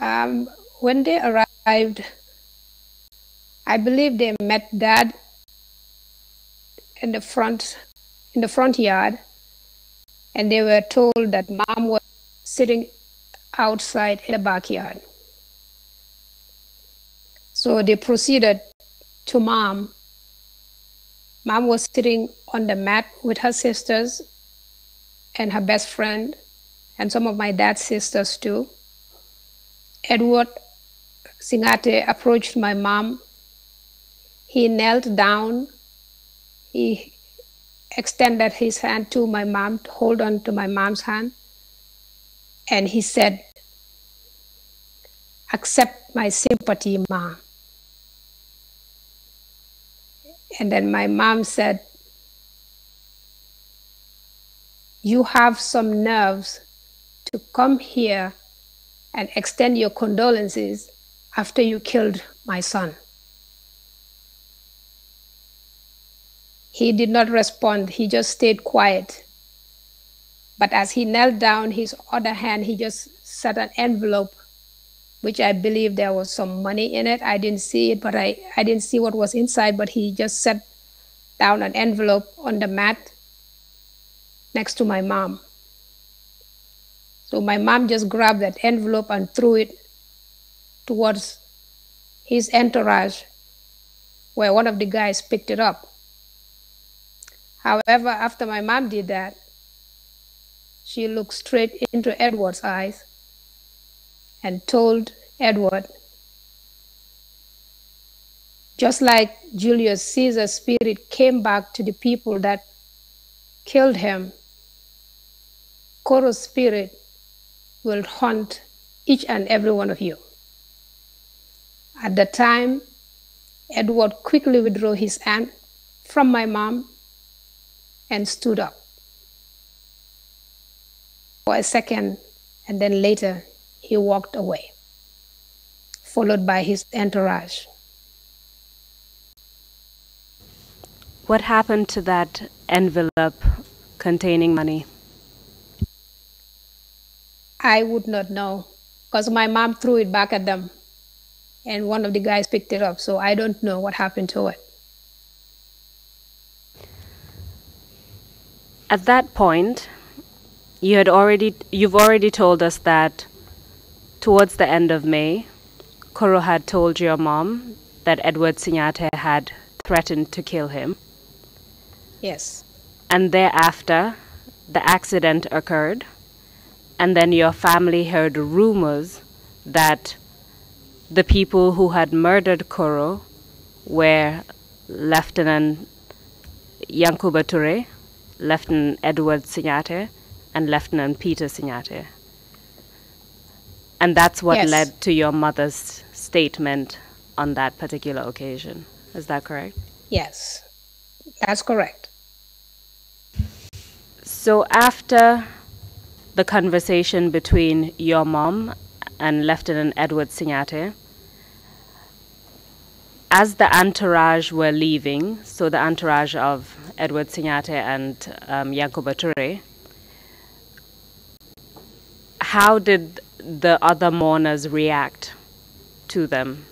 Um, when they arrived, I believe they met Dad in the front in the front yard, and they were told that Mom was sitting outside in the backyard. So they proceeded to Mom. Mom was sitting on the mat with her sisters and her best friend, and some of my dad's sisters too. Edward Singate approached my mom. He knelt down. He extended his hand to my mom, to hold on to my mom's hand. And he said, Accept my sympathy, mom. And then my mom said, You have some nerves to come here and extend your condolences after you killed my son. He did not respond, he just stayed quiet. But as he knelt down, his other hand, he just set an envelope, which I believe there was some money in it. I didn't see it, but I, I didn't see what was inside, but he just set down an envelope on the mat next to my mom. So my mom just grabbed that envelope and threw it towards his entourage, where one of the guys picked it up. However, after my mom did that, she looked straight into Edward's eyes and told Edward, just like Julius Caesar's spirit came back to the people that killed him, Koro's spirit will haunt each and every one of you. At that time, Edward quickly withdrew his hand from my mom and stood up for a second, and then later he walked away, followed by his entourage. What happened to that envelope containing money? I would not know because my mom threw it back at them and one of the guys picked it up. So I don't know what happened to it. At that point, you had already you've already told us that towards the end of May, Koro had told your mom that Edward Sinyate had threatened to kill him. Yes. And thereafter, the accident occurred and then your family heard rumors that the people who had murdered Koro were Lieutenant Yankuba Lieutenant Edward Sinyate, and Lieutenant Peter Sinyate. And that's what yes. led to your mother's statement on that particular occasion. Is that correct? Yes, that's correct. So after the conversation between your mom and Lieutenant Edward Sinyate. As the entourage were leaving, so the entourage of Edward Sinyate and um, Yanko Ture, how did the other mourners react to them?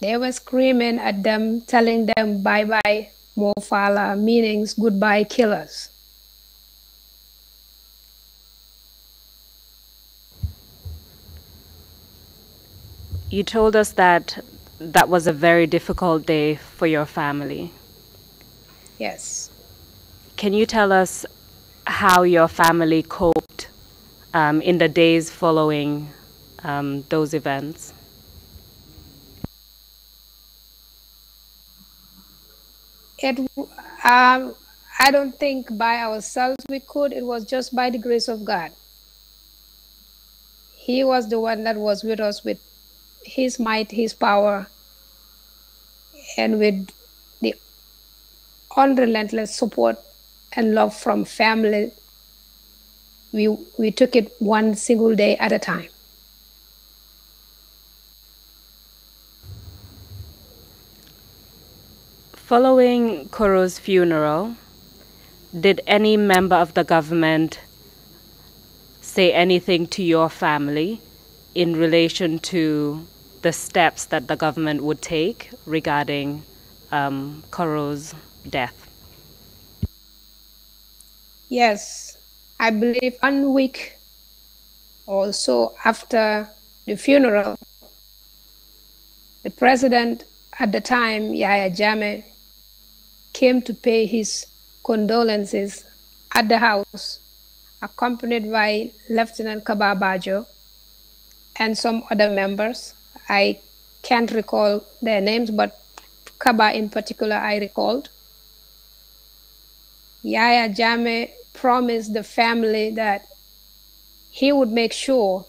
They were screaming at them, telling them bye bye, Mofala, meanings goodbye, killers. You told us that that was a very difficult day for your family. Yes. Can you tell us how your family coped um, in the days following um, those events? It, um, I don't think by ourselves we could. It was just by the grace of God. He was the one that was with us with his might, His power, and with the unrelentless support and love from family, we, we took it one single day at a time. Following Koro's funeral, did any member of the government say anything to your family in relation to the steps that the government would take regarding um, Koro's death. Yes, I believe one week or so after the funeral, the president at the time, Yahya Jammeh, came to pay his condolences at the house, accompanied by Lieutenant Kababajo and some other members. I can't recall their names, but Kaba in particular, I recalled. Yaya Jame promised the family that he would make sure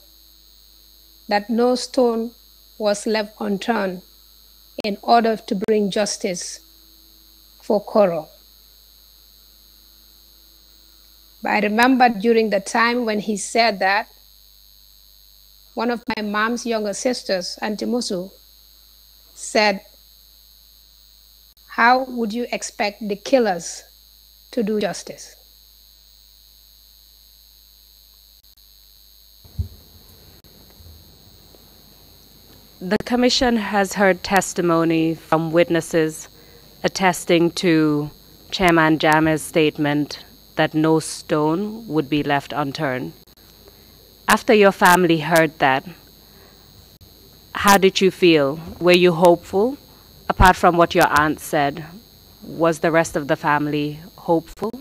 that no stone was left unturned in order to bring justice for Koro. But I remember during the time when he said that, one of my mom's younger sisters, Auntie Musu, said, How would you expect the killers to do justice? The Commission has heard testimony from witnesses attesting to Chairman Jammeh's statement that no stone would be left unturned. After your family heard that, how did you feel? Were you hopeful? Apart from what your aunt said, was the rest of the family hopeful?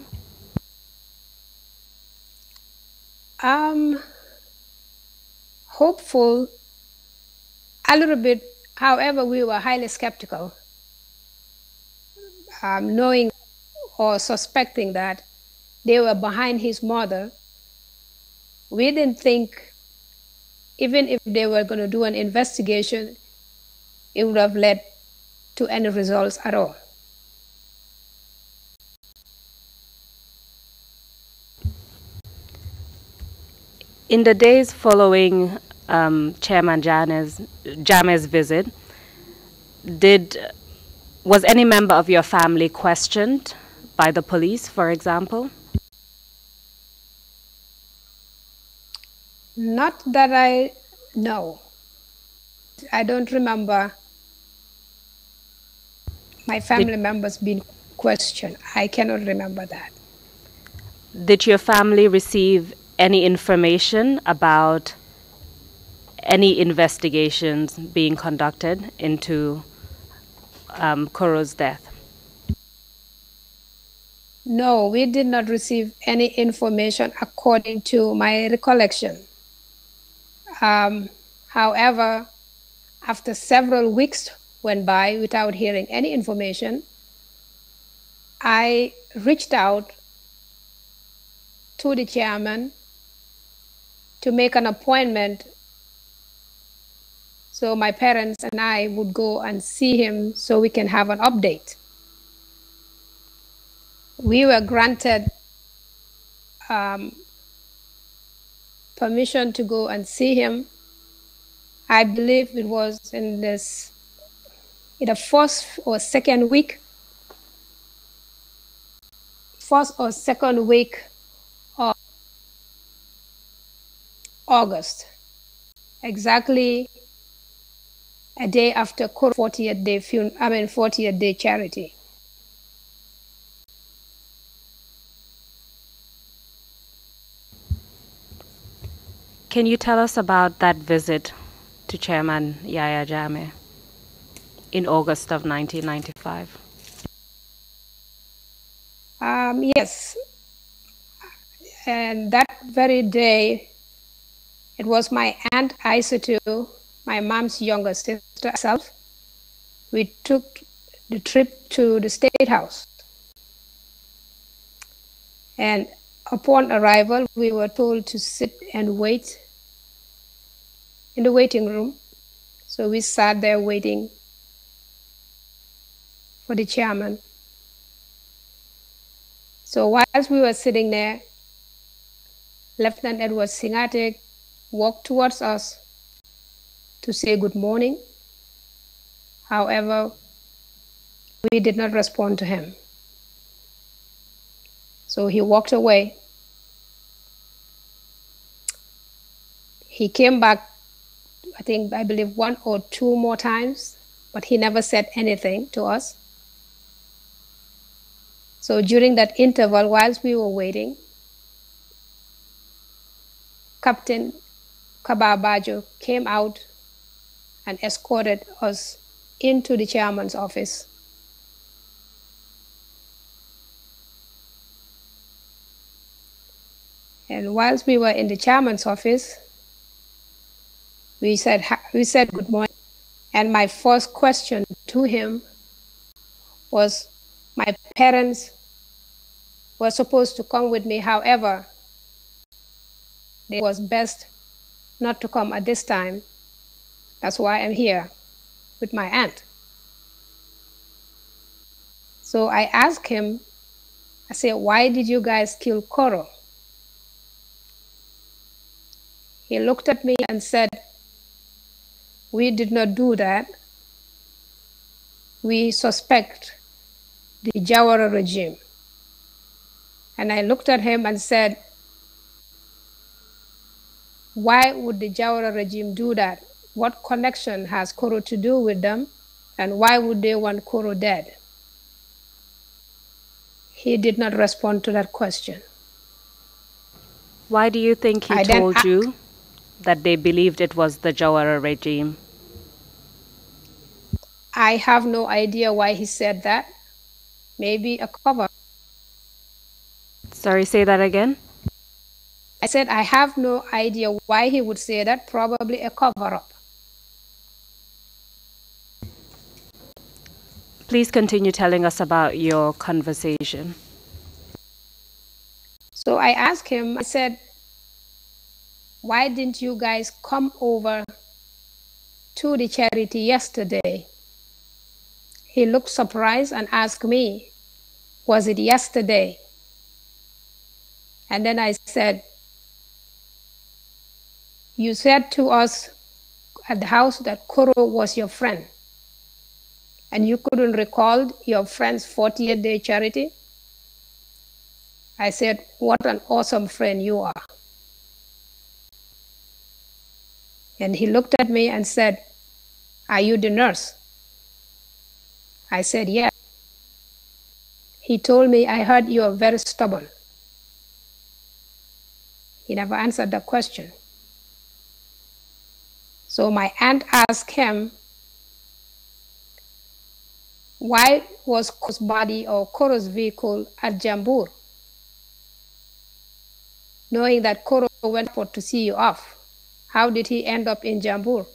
Um, hopeful a little bit. However, we were highly skeptical, um, knowing or suspecting that they were behind his mother we didn't think even if they were going to do an investigation, it would have led to any results at all. In the days following um, Chairman Jana's Jame's visit, did was any member of your family questioned by the police, for example? Not that I know. I don't remember my family did, members being questioned. I cannot remember that. Did your family receive any information about any investigations being conducted into um, Koro's death? No, we did not receive any information according to my recollection. Um, however, after several weeks went by without hearing any information, I reached out to the chairman to make an appointment so my parents and I would go and see him so we can have an update. We were granted um, permission to go and see him. I believe it was in this in the first or second week, first or second week of August, exactly a day after 40th day, I mean 40th day charity. Can you tell us about that visit to Chairman Yahya Jammeh in August of 1995? Um, yes. And that very day, it was my aunt Isatu, my mom's younger sister, herself. We took the trip to the State House. And upon arrival, we were told to sit and wait in the waiting room. So we sat there waiting for the chairman. So whilst we were sitting there, Lieutenant Edward Singatek walked towards us to say good morning. However, we did not respond to him. So he walked away. He came back I think I believe one or two more times, but he never said anything to us. So during that interval, whilst we were waiting, Captain Kababajo came out and escorted us into the chairman's office. And whilst we were in the chairman's office, we said, we said good morning. And my first question to him was, my parents were supposed to come with me. However, it was best not to come at this time. That's why I'm here with my aunt. So I asked him, I said, why did you guys kill Coral?" He looked at me and said, we did not do that. We suspect the Jawara regime. And I looked at him and said, Why would the Jawara regime do that? What connection has Koro to do with them? And why would they want Koro dead? He did not respond to that question. Why do you think he I told you that they believed it was the Jawara regime? I have no idea why he said that. Maybe a cover. Sorry, say that again. I said I have no idea why he would say that. Probably a cover up. Please continue telling us about your conversation. So I asked him, I said, why didn't you guys come over to the charity yesterday? He looked surprised and asked me, Was it yesterday? And then I said, You said to us at the house that Koro was your friend, and you couldn't recall your friend's 40th day charity? I said, What an awesome friend you are. And he looked at me and said, Are you the nurse? I said, Yes. He told me, I heard you are very stubborn. He never answered the question. So my aunt asked him, Why was Koro's body or Koro's vehicle at Jambur? Knowing that Koro went for to see you off. How did he end up in Jambur?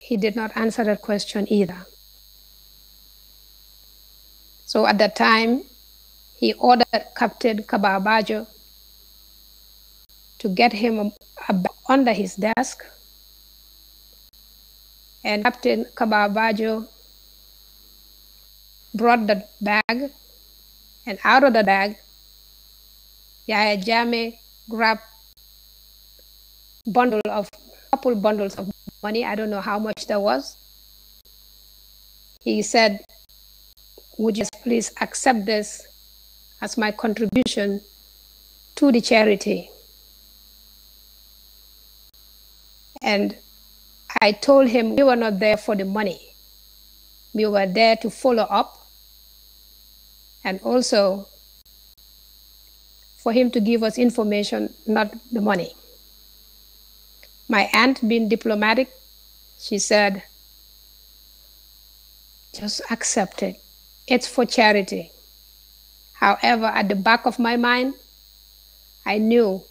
He did not answer that question either. So at that time, he ordered Captain Kababajo to get him a, a, under his desk. And Captain Kababajo brought the bag, and out of the bag, Yaya Jame grabbed bundle of couple bundles of money. I don't know how much there was. He said, Would you please accept this as my contribution to the charity? And I told him we were not there for the money. We were there to follow up and also for him to give us information, not the money. My aunt being diplomatic, she said, just accept it. It's for charity. However, at the back of my mind, I knew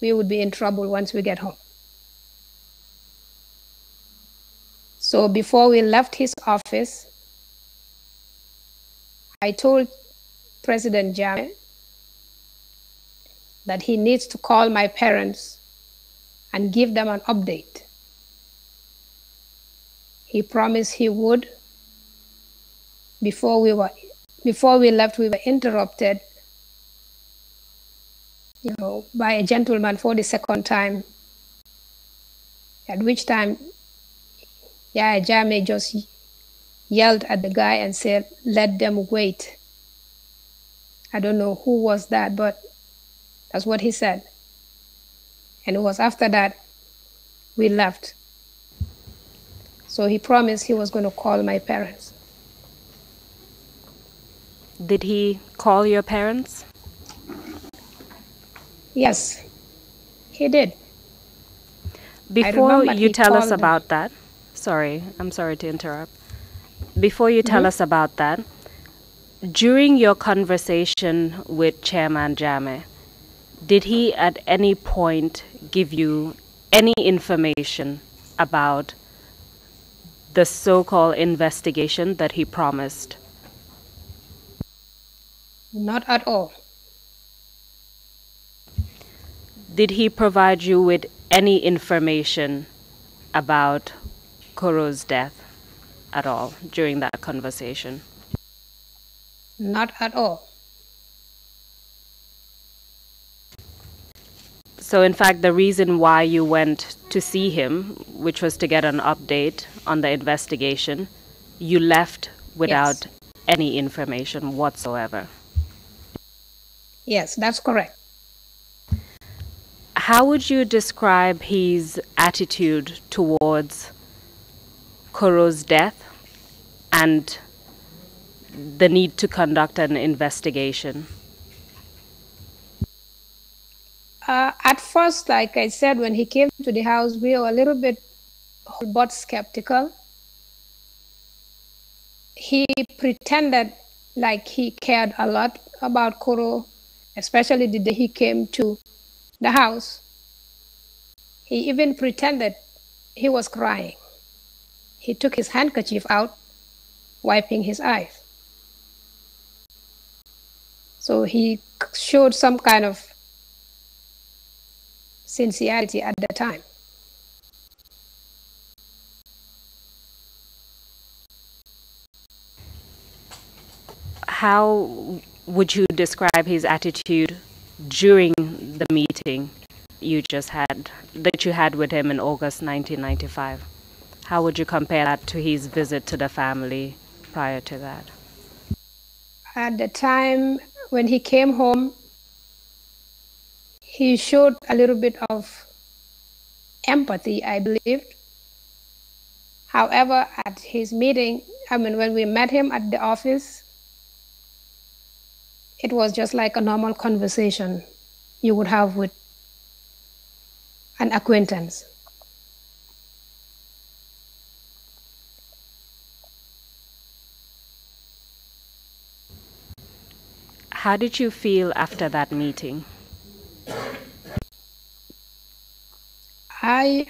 we would be in trouble once we get home. So before we left his office, I told President Jammeh that he needs to call my parents and give them an update. He promised he would. Before we were before we left, we were interrupted, you know, by a gentleman for the second time. At which time, yeah, Jame just yelled at the guy and said, "Let them wait." I don't know who was that, but that's what he said. And it was after that we left. So he promised he was going to call my parents. Did he call your parents? Yes, he did. Before you tell us about them. that, sorry, I'm sorry to interrupt. Before you tell mm -hmm. us about that, during your conversation with Chairman Jame, did he at any point give you any information about the so called investigation that he promised? Not at all. Did he provide you with any information about Koro's death at all during that conversation? Not at all. So, in fact, the reason why you went to see him, which was to get an update on the investigation, you left without yes. any information whatsoever. Yes, that's correct. How would you describe his attitude towards Koro's death and the need to conduct an investigation? Uh, at first, like I said, when he came to the house, we were a little bit but skeptical. He pretended like he cared a lot about Koro, especially the day he came to the house. He even pretended he was crying. He took his handkerchief out, wiping his eyes. So he showed some kind of sincerity at the time. How would you describe his attitude during the meeting you just had, that you had with him in August 1995? How would you compare that to his visit to the family prior to that? At the time when he came home, he showed a little bit of empathy, I believed. However, at his meeting, I mean, when we met him at the office, it was just like a normal conversation you would have with an acquaintance. How did you feel after that meeting? I,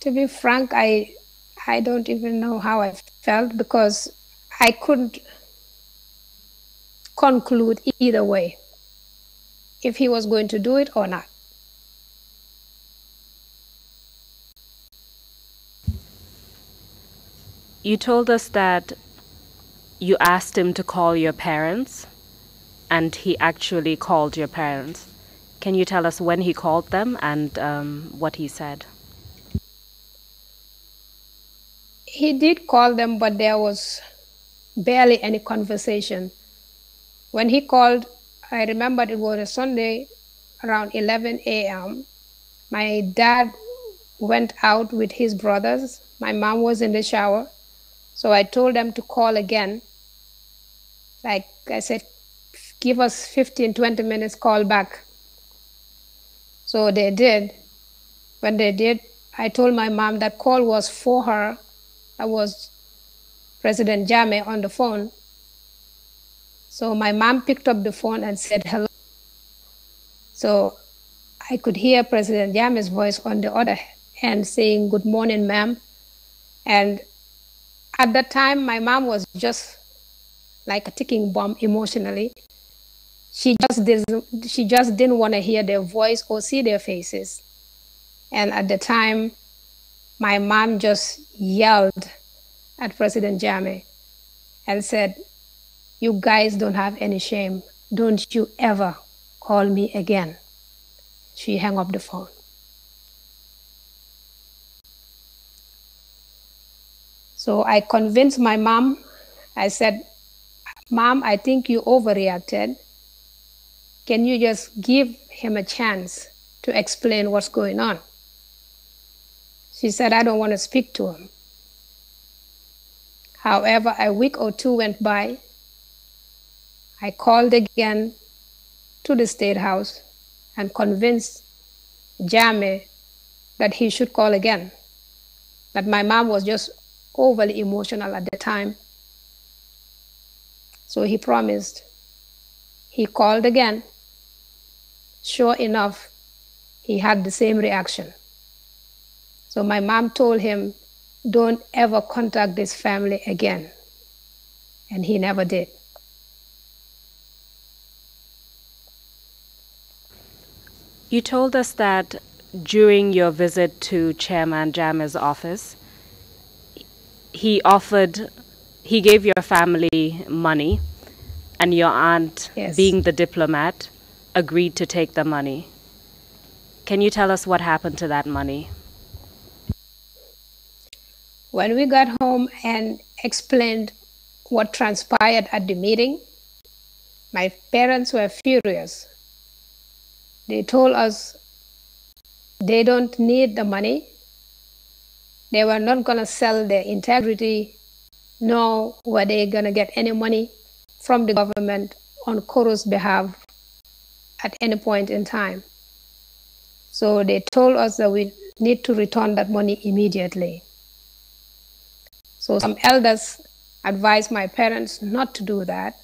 to be frank, I, I don't even know how I felt because I couldn't conclude either way if he was going to do it or not. You told us that you asked him to call your parents and he actually called your parents. Can you tell us when he called them and um, what he said? He did call them, but there was barely any conversation. When he called, I remembered it was a Sunday around 11 a.m. My dad went out with his brothers. My mom was in the shower. So I told them to call again. Like I said, give us 15, 20 minutes, call back. So they did. When they did, I told my mom that call was for her. I was President Jame on the phone. So my mom picked up the phone and said hello. So I could hear President Jame's voice on the other end saying, Good morning, ma'am. And at that time, my mom was just like a ticking bomb emotionally. She just didn't, she just didn't want to hear their voice or see their faces. And at the time, my mom just yelled at President Jame and said, You guys don't have any shame. Don't you ever call me again. She hung up the phone. So I convinced my mom. I said, Mom, I think you overreacted. Can you just give him a chance to explain what's going on? She said, I don't want to speak to him. However, a week or two went by. I called again to the State House and convinced Jame that he should call again. But my mom was just overly emotional at the time. So he promised. He called again. Sure enough, he had the same reaction. So my mom told him, Don't ever contact this family again. And he never did. You told us that during your visit to Chairman Jama's office, he offered, he gave your family money, and your aunt, yes. being the diplomat, agreed to take the money. Can you tell us what happened to that money? When we got home and explained what transpired at the meeting, my parents were furious. They told us they don't need the money. They were not going to sell their integrity, nor were they going to get any money from the government on Koro's behalf at any point in time. So they told us that we need to return that money immediately. So some elders advised my parents not to do that.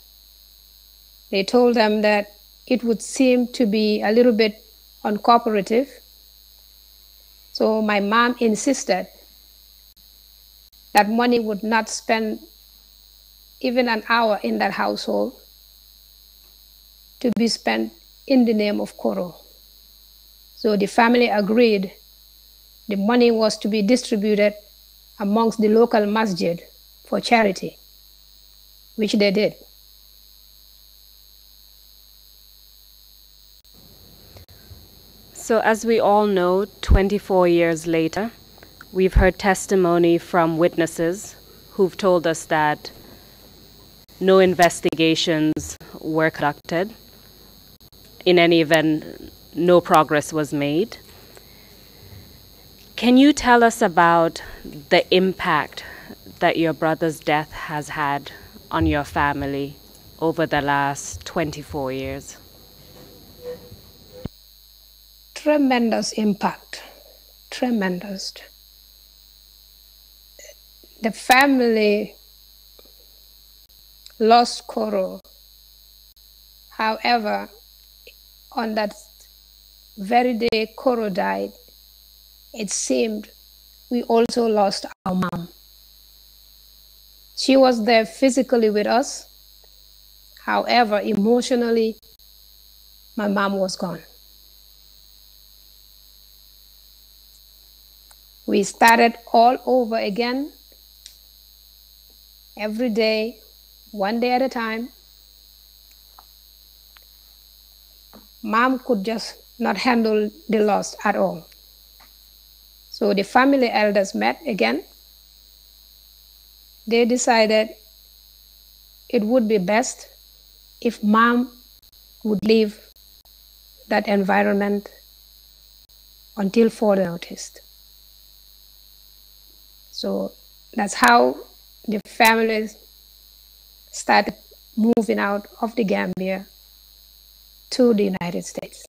They told them that it would seem to be a little bit uncooperative. So my mom insisted that money would not spend even an hour in that household to be spent in the name of Koro. So the family agreed the money was to be distributed amongst the local masjid for charity, which they did. So, as we all know, 24 years later, we've heard testimony from witnesses who've told us that no investigations were conducted in any event, no progress was made. Can you tell us about the impact that your brother's death has had on your family over the last 24 years? Tremendous impact. Tremendous. The family lost Koro. However, on that very day Koro died, it seemed we also lost our mom. She was there physically with us. However, emotionally, my mom was gone. We started all over again every day, one day at a time. mom could just not handle the loss at all. So the family elders met again. They decided it would be best if mom would leave that environment until further notice. So that's how the families started moving out of the Gambia to the United States,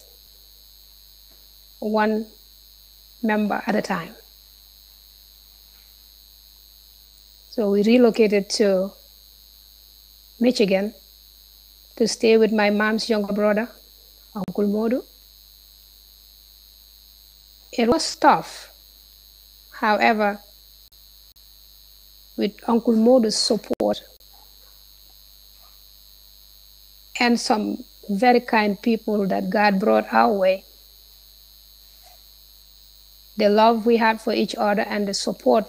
one member at a time. So we relocated to Michigan to stay with my mom's younger brother, Uncle Modu. It was tough. However, with Uncle Modu's support and some very kind people that God brought our way. The love we had for each other and the support.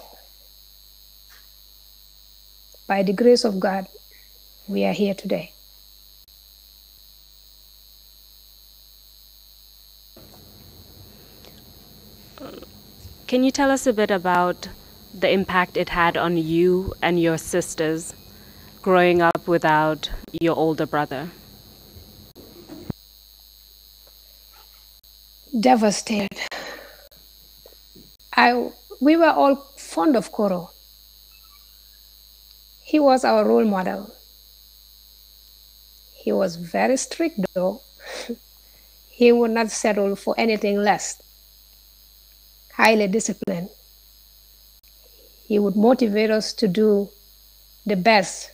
By the grace of God, we are here today. Can you tell us a bit about the impact it had on you and your sisters growing up without your older brother? devastated. I, we were all fond of Koro. He was our role model. He was very strict, though. he would not settle for anything less. Highly disciplined. He would motivate us to do the best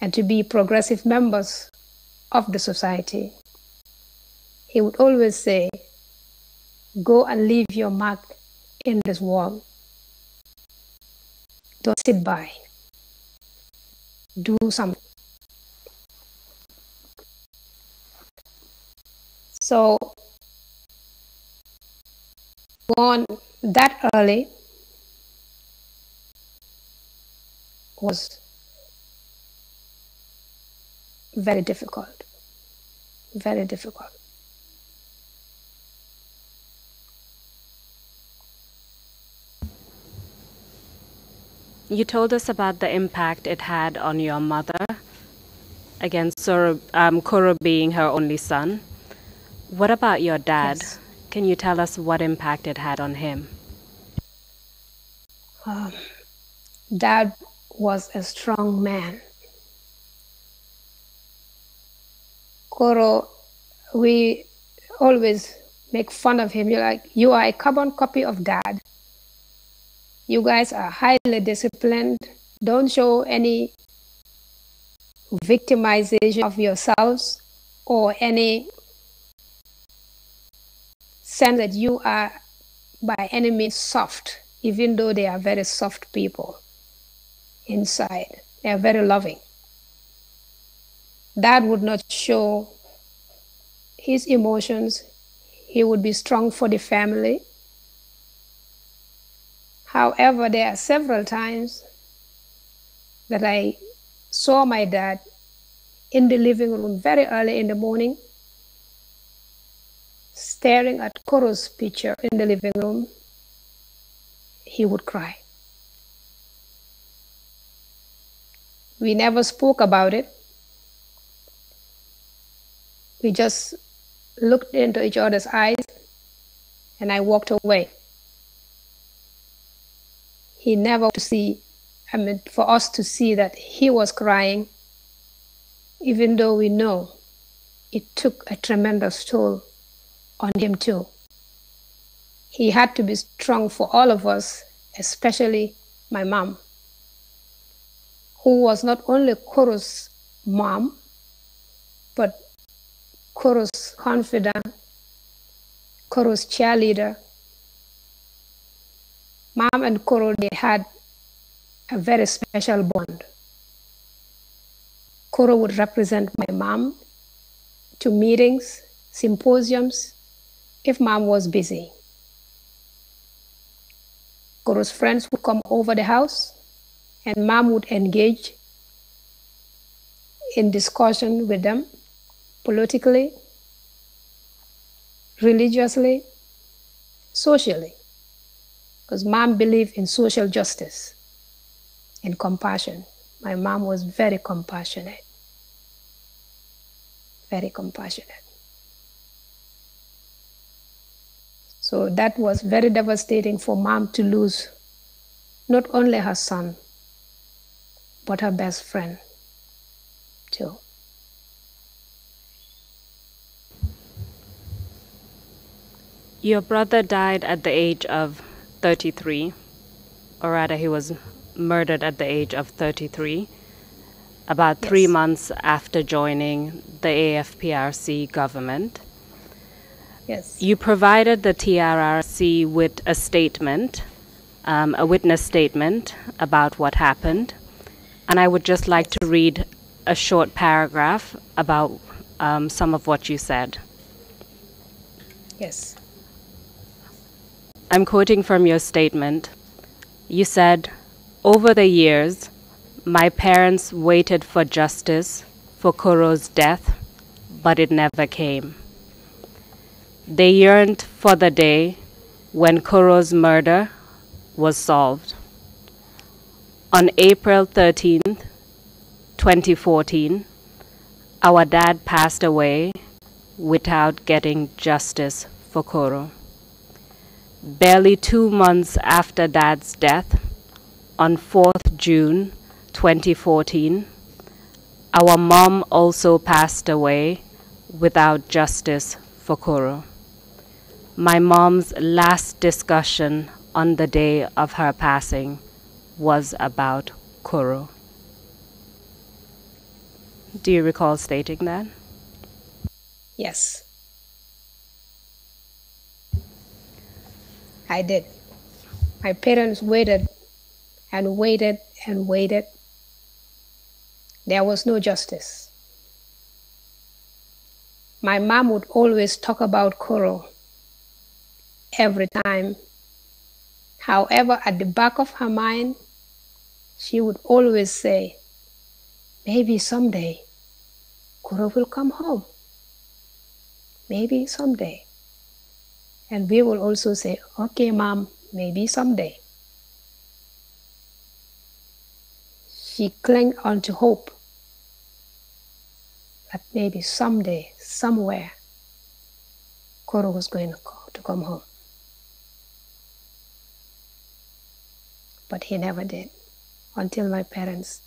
and to be progressive members of the society. He would always say, Go and leave your mark in this world. Don't sit by. Do something. So, born that early was very difficult. Very difficult. You told us about the impact it had on your mother, again, um, Koro being her only son. What about your dad? Yes. Can you tell us what impact it had on him? Um, dad was a strong man. Koro, we always make fun of him. You're like, you are a carbon copy of dad. You guys are highly disciplined. Don't show any victimization of yourselves or any sense that you are by any means soft, even though they are very soft people inside. They are very loving. That would not show his emotions. He would be strong for the family However, there are several times that I saw my dad in the living room very early in the morning, staring at Koro's picture in the living room. He would cry. We never spoke about it. We just looked into each other's eyes and I walked away. He never to see, I mean, for us to see that he was crying, even though we know it took a tremendous toll on him too. He had to be strong for all of us, especially my mom, who was not only Koro's mom, but Koro's confidant, Koro's cheerleader, Mom and Coral, they had a very special bond. Coral would represent my mom to meetings, symposiums, if mom was busy. Koro's friends would come over the house and mom would engage in discussion with them politically, religiously, socially because mom believed in social justice and compassion. My mom was very compassionate, very compassionate. So that was very devastating for mom to lose not only her son, but her best friend too. Your brother died at the age of 33, or rather, he was murdered at the age of 33, about yes. three months after joining the AFPRC government. Yes. You provided the TRRC with a statement, um, a witness statement about what happened. And I would just like to read a short paragraph about um, some of what you said. Yes. I'm quoting from your statement. You said, over the years, my parents waited for justice for Koro's death, but it never came. They yearned for the day when Koro's murder was solved. On April 13, 2014, our dad passed away without getting justice for Koro barely two months after Dad's death, on 4th June 2014, our mom also passed away without justice for Koro. My mom's last discussion on the day of her passing was about Koro. Do you recall stating that? Yes. I did. My parents waited and waited and waited. There was no justice. My mom would always talk about Kuro. every time. However, at the back of her mind, she would always say, Maybe someday Kuro will come home. Maybe someday. And we will also say, okay, mom, maybe someday. She clung on to hope that maybe someday, somewhere, Koro was going to come home. But he never did until my parents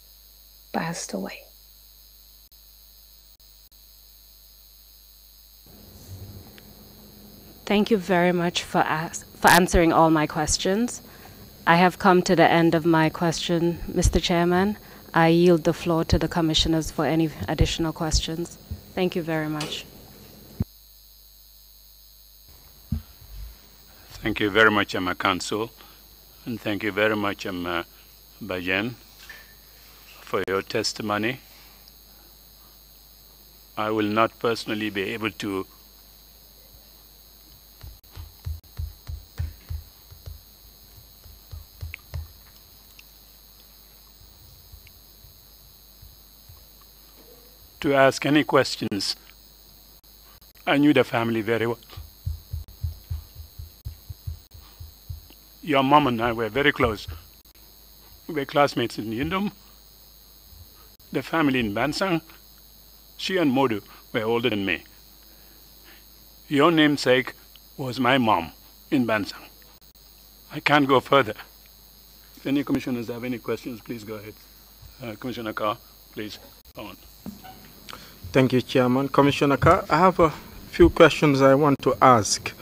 passed away. Thank you very much for, for answering all my questions. I have come to the end of my question, Mr. Chairman. I yield the floor to the commissioners for any additional questions. Thank you very much. Thank you very much, Emma Council, and thank you very much, Emma Bayen, for your testimony. I will not personally be able to to ask any questions. I knew the family very well. Your mom and I were very close. We were classmates in Yindum. The family in Bansang. She and Modu were older than me. Your namesake was my mom in Bansang. I can't go further. If any commissioners have any questions, please go ahead. Uh, Commissioner Carr, please, on. Thank you, Chairman. Commissioner Carr, I have a few questions I want to ask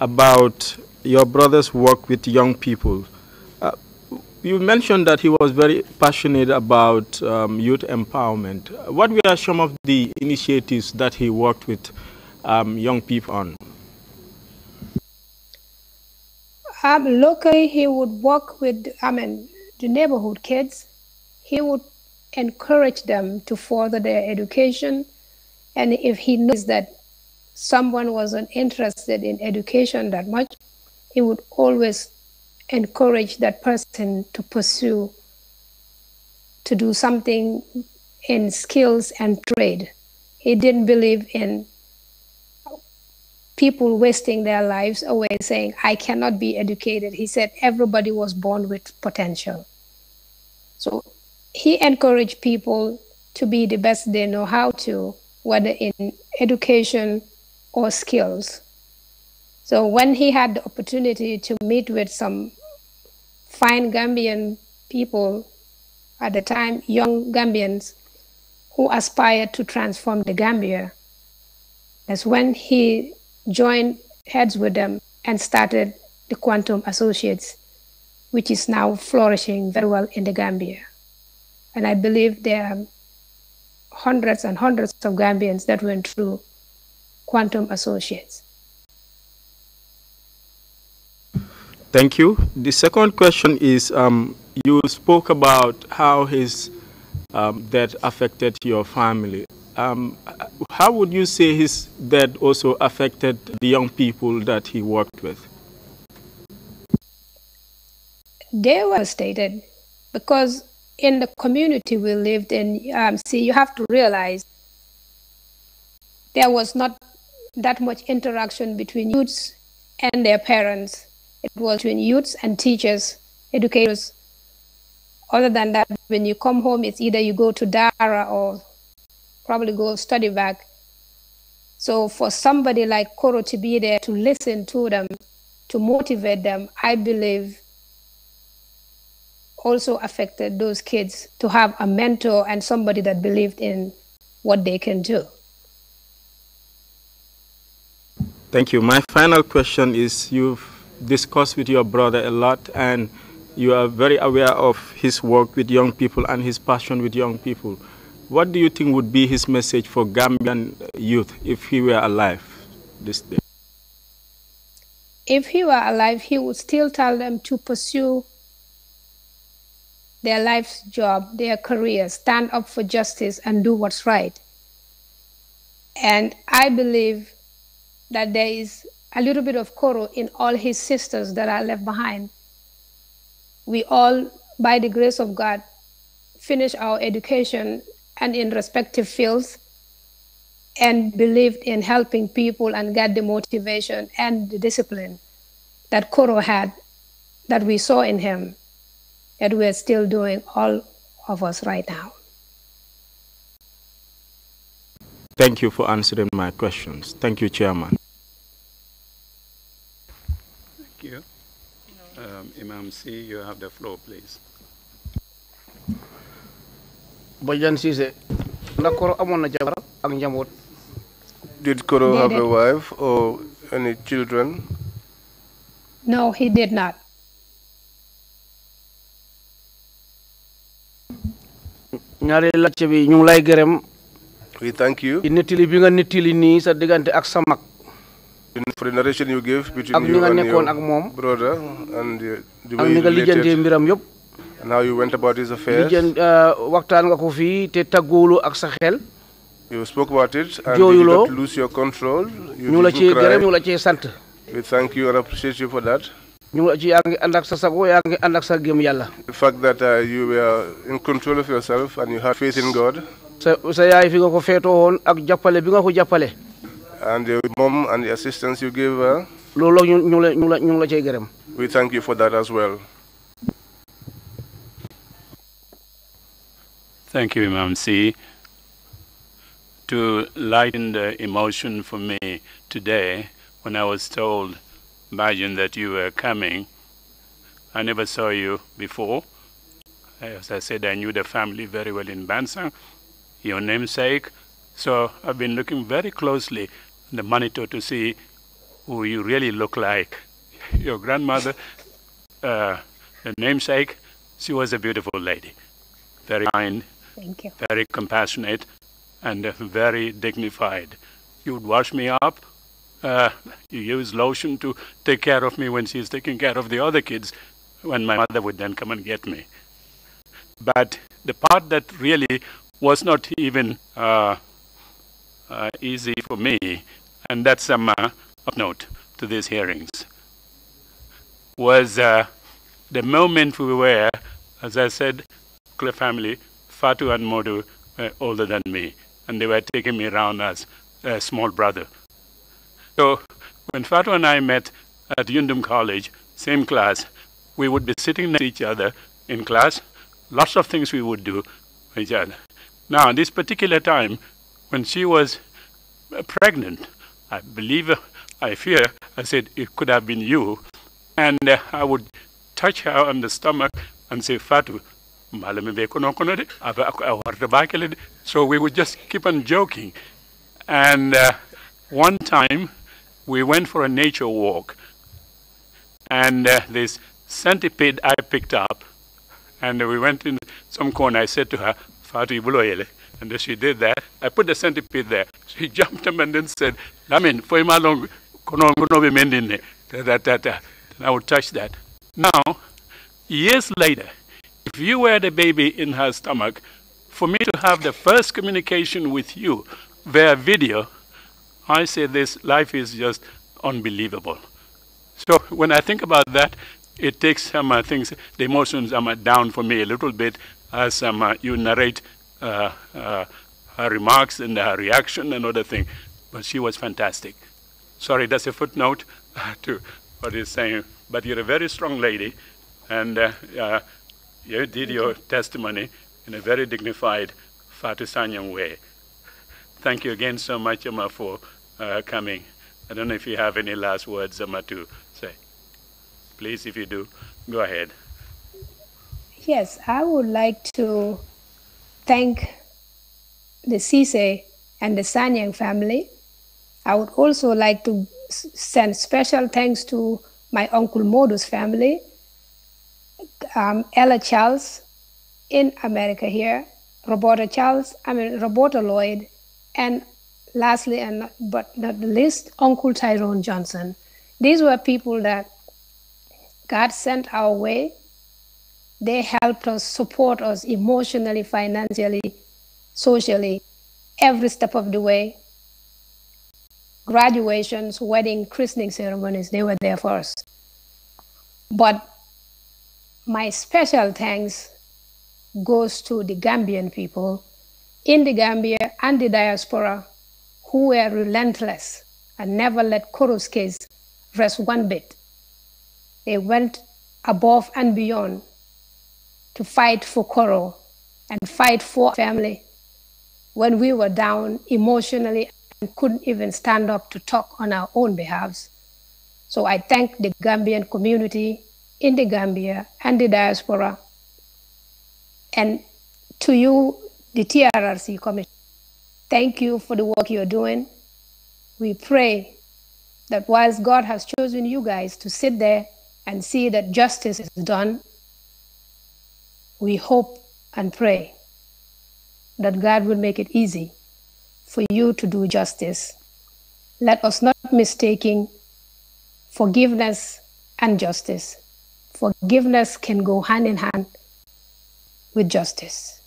about your brother's work with young people. Uh, you mentioned that he was very passionate about um, youth empowerment. What were some of the initiatives that he worked with um, young people on? Um, locally, he would work with, I mean, the neighborhood kids. He would encourage them to further their education. And if he knows that someone wasn't interested in education that much, he would always encourage that person to pursue, to do something in skills and trade. He didn't believe in people wasting their lives away saying, I cannot be educated. He said everybody was born with potential. So he encouraged people to be the best they know how to, whether in education or skills. So when he had the opportunity to meet with some fine Gambian people at the time, young Gambians who aspired to transform the Gambia, that's when he joined heads with them and started the Quantum Associates, which is now flourishing very well in the Gambia. And I believe there are hundreds and hundreds of Gambians that went through Quantum Associates. Thank you. The second question is um, you spoke about how his um, death affected your family. Um, how would you say his death also affected the young people that he worked with? They were stated because in the community we lived in, um, see, you have to realize there was not that much interaction between youths and their parents. It was between youths and teachers, educators. Other than that, when you come home, it's either you go to Dara or probably go study back. So for somebody like Koro to be there to listen to them, to motivate them, I believe also affected those kids to have a mentor and somebody that believed in what they can do. Thank you. My final question is you've discussed with your brother a lot and you are very aware of his work with young people and his passion with young people. What do you think would be his message for Gambian youth if he were alive this day? If he were alive, he would still tell them to pursue their life's job, their career, stand up for justice and do what's right. And I believe that there is a little bit of Koro in all his sisters that are left behind. We all, by the grace of God, finish our education and in respective fields and believed in helping people and get the motivation and the discipline that Koro had that we saw in him that we are still doing, all of us right now. Thank you for answering my questions. Thank you, Chairman. Thank you. Um, Imam C, you have the floor, please. Bajan Sise, Nakoro Amona Jabar, Angjamot. Did Koro have a wife or any children? No, he did not. ñaari laajte bi ñu ngi lay gërëm. we thank you. ci nettali bi nga nettali nii sa diggante ak sa mag. for the narration you gave. between ak ni nga nekkoon ak moom. brother and ak ni nga lijjantee mbiram yëpp. and how you uh, waxtaan nga ko fii te taggoolu ak sa xel. you spoke about it. and you la cee gërëm ñu la cee sant. appreciate you for that. the fact that uh, you were in control of yourself and you had faith in God. And your mom and the assistance you gave her. We thank you for that as well. Thank you, Imam C. To lighten the emotion for me today when I was told imagine that you were coming. I never saw you before. As I said, I knew the family very well in Bansang, your namesake. So I've been looking very closely on the monitor to see who you really look like. Your grandmother, uh, the namesake, she was a beautiful lady. Very kind. Thank you. Very compassionate and very dignified. You would wash me up uh, you use lotion to take care of me when she's taking care of the other kids, when my mother would then come and get me. But the part that really was not even uh, uh, easy for me, and that's some uh, of note to these hearings, was uh, the moment we were, as I said, Cliff family, Fatu and Modu were uh, older than me, and they were taking me around as a small brother so when Fatu and I met at Yundum College, same class, we would be sitting next to each other in class. Lots of things we would do with each other. Now, this particular time, when she was pregnant, I believe, I fear, I said, it could have been you. And uh, I would touch her on the stomach and say, Fatu, so we would just keep on joking. And uh, one time, we went for a nature walk, and uh, this centipede I picked up, and we went in some corner. I said to her, Fatu And she did that. I put the centipede there. She jumped him and then said, Lamin, for him along, and I would touch that. Now, years later, if you were the baby in her stomach, for me to have the first communication with you via video I say this life is just unbelievable. So when I think about that, it takes some uh, things, the emotions are um, down for me a little bit as um, uh, you narrate uh, uh her remarks and her reaction and other things. But she was fantastic. Sorry, that's a footnote uh, to what he's saying. But you're a very strong lady, and uh, you did your testimony in a very dignified, Fatisanian way. Thank you again so much, Emma, for uh, coming. I don't know if you have any last words, Zama, to say. Please, if you do, go ahead. Yes, I would like to thank the Sise and the Sanyang family. I would also like to send special thanks to my uncle Modus family, um, Ella Charles in America here, Roberta Charles, I mean Roberta Lloyd, and lastly, and not, but not the least, Uncle Tyrone Johnson. These were people that God sent our way. They helped us, support us emotionally, financially, socially, every step of the way. Graduations, wedding, christening ceremonies, they were there for us. But my special thanks goes to the Gambian people in the Gambia and the diaspora who were relentless and never let case rest one bit. They went above and beyond to fight for Koro and fight for family when we were down emotionally and couldn't even stand up to talk on our own behalves. So I thank the Gambian community in the Gambia and the diaspora and to you, the TRRC Commission. Thank you for the work you're doing. We pray that whilst God has chosen you guys to sit there and see that justice is done, we hope and pray that God will make it easy for you to do justice. Let us not mistaking forgiveness and justice. Forgiveness can go hand in hand with justice.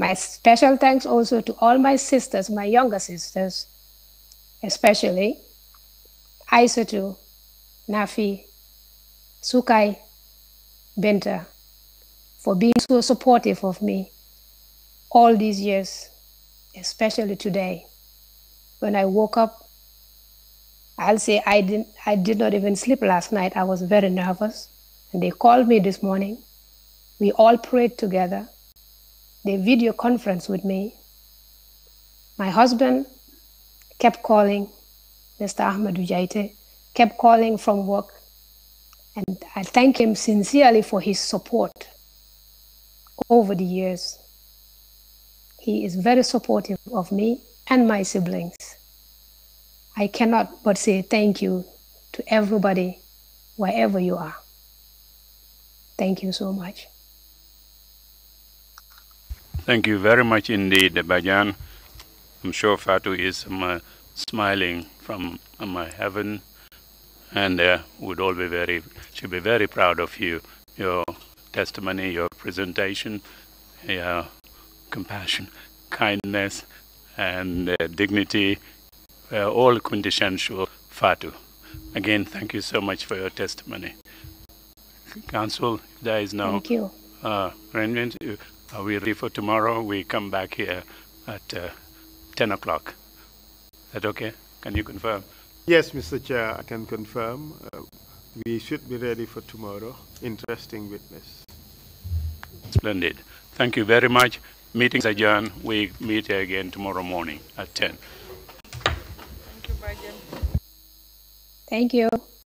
My special thanks also to all my sisters, my younger sisters, especially Aisatu, Nafi, Sukai, Benta, for being so supportive of me all these years, especially today. When I woke up, I'll say I didn't I did not even sleep last night. I was very nervous. And they called me this morning. We all prayed together the video conference with me. My husband kept calling, Mr. Ahmed Ujaite kept calling from work, and I thank him sincerely for his support over the years. He is very supportive of me and my siblings. I cannot but say thank you to everybody, wherever you are. Thank you so much. Thank you very much indeed, Bajan. I'm sure Fatu is um, uh, smiling from my um, uh, heaven and uh, would all be very, should be very proud of you, your testimony, your presentation, your compassion, kindness, and uh, dignity, uh, all quintessential Fatu. Again, thank you so much for your testimony. Council, there is now. Thank you. Uh, we uh, we ready for tomorrow. We come back here at uh, 10 o'clock. Is that okay? Can you confirm? Yes, Mr. Chair, I can confirm. Uh, we should be ready for tomorrow. Interesting witness. Splendid. Thank you very much. Meeting adjourned. We meet again tomorrow morning at 10. Thank you, Brian. Thank you.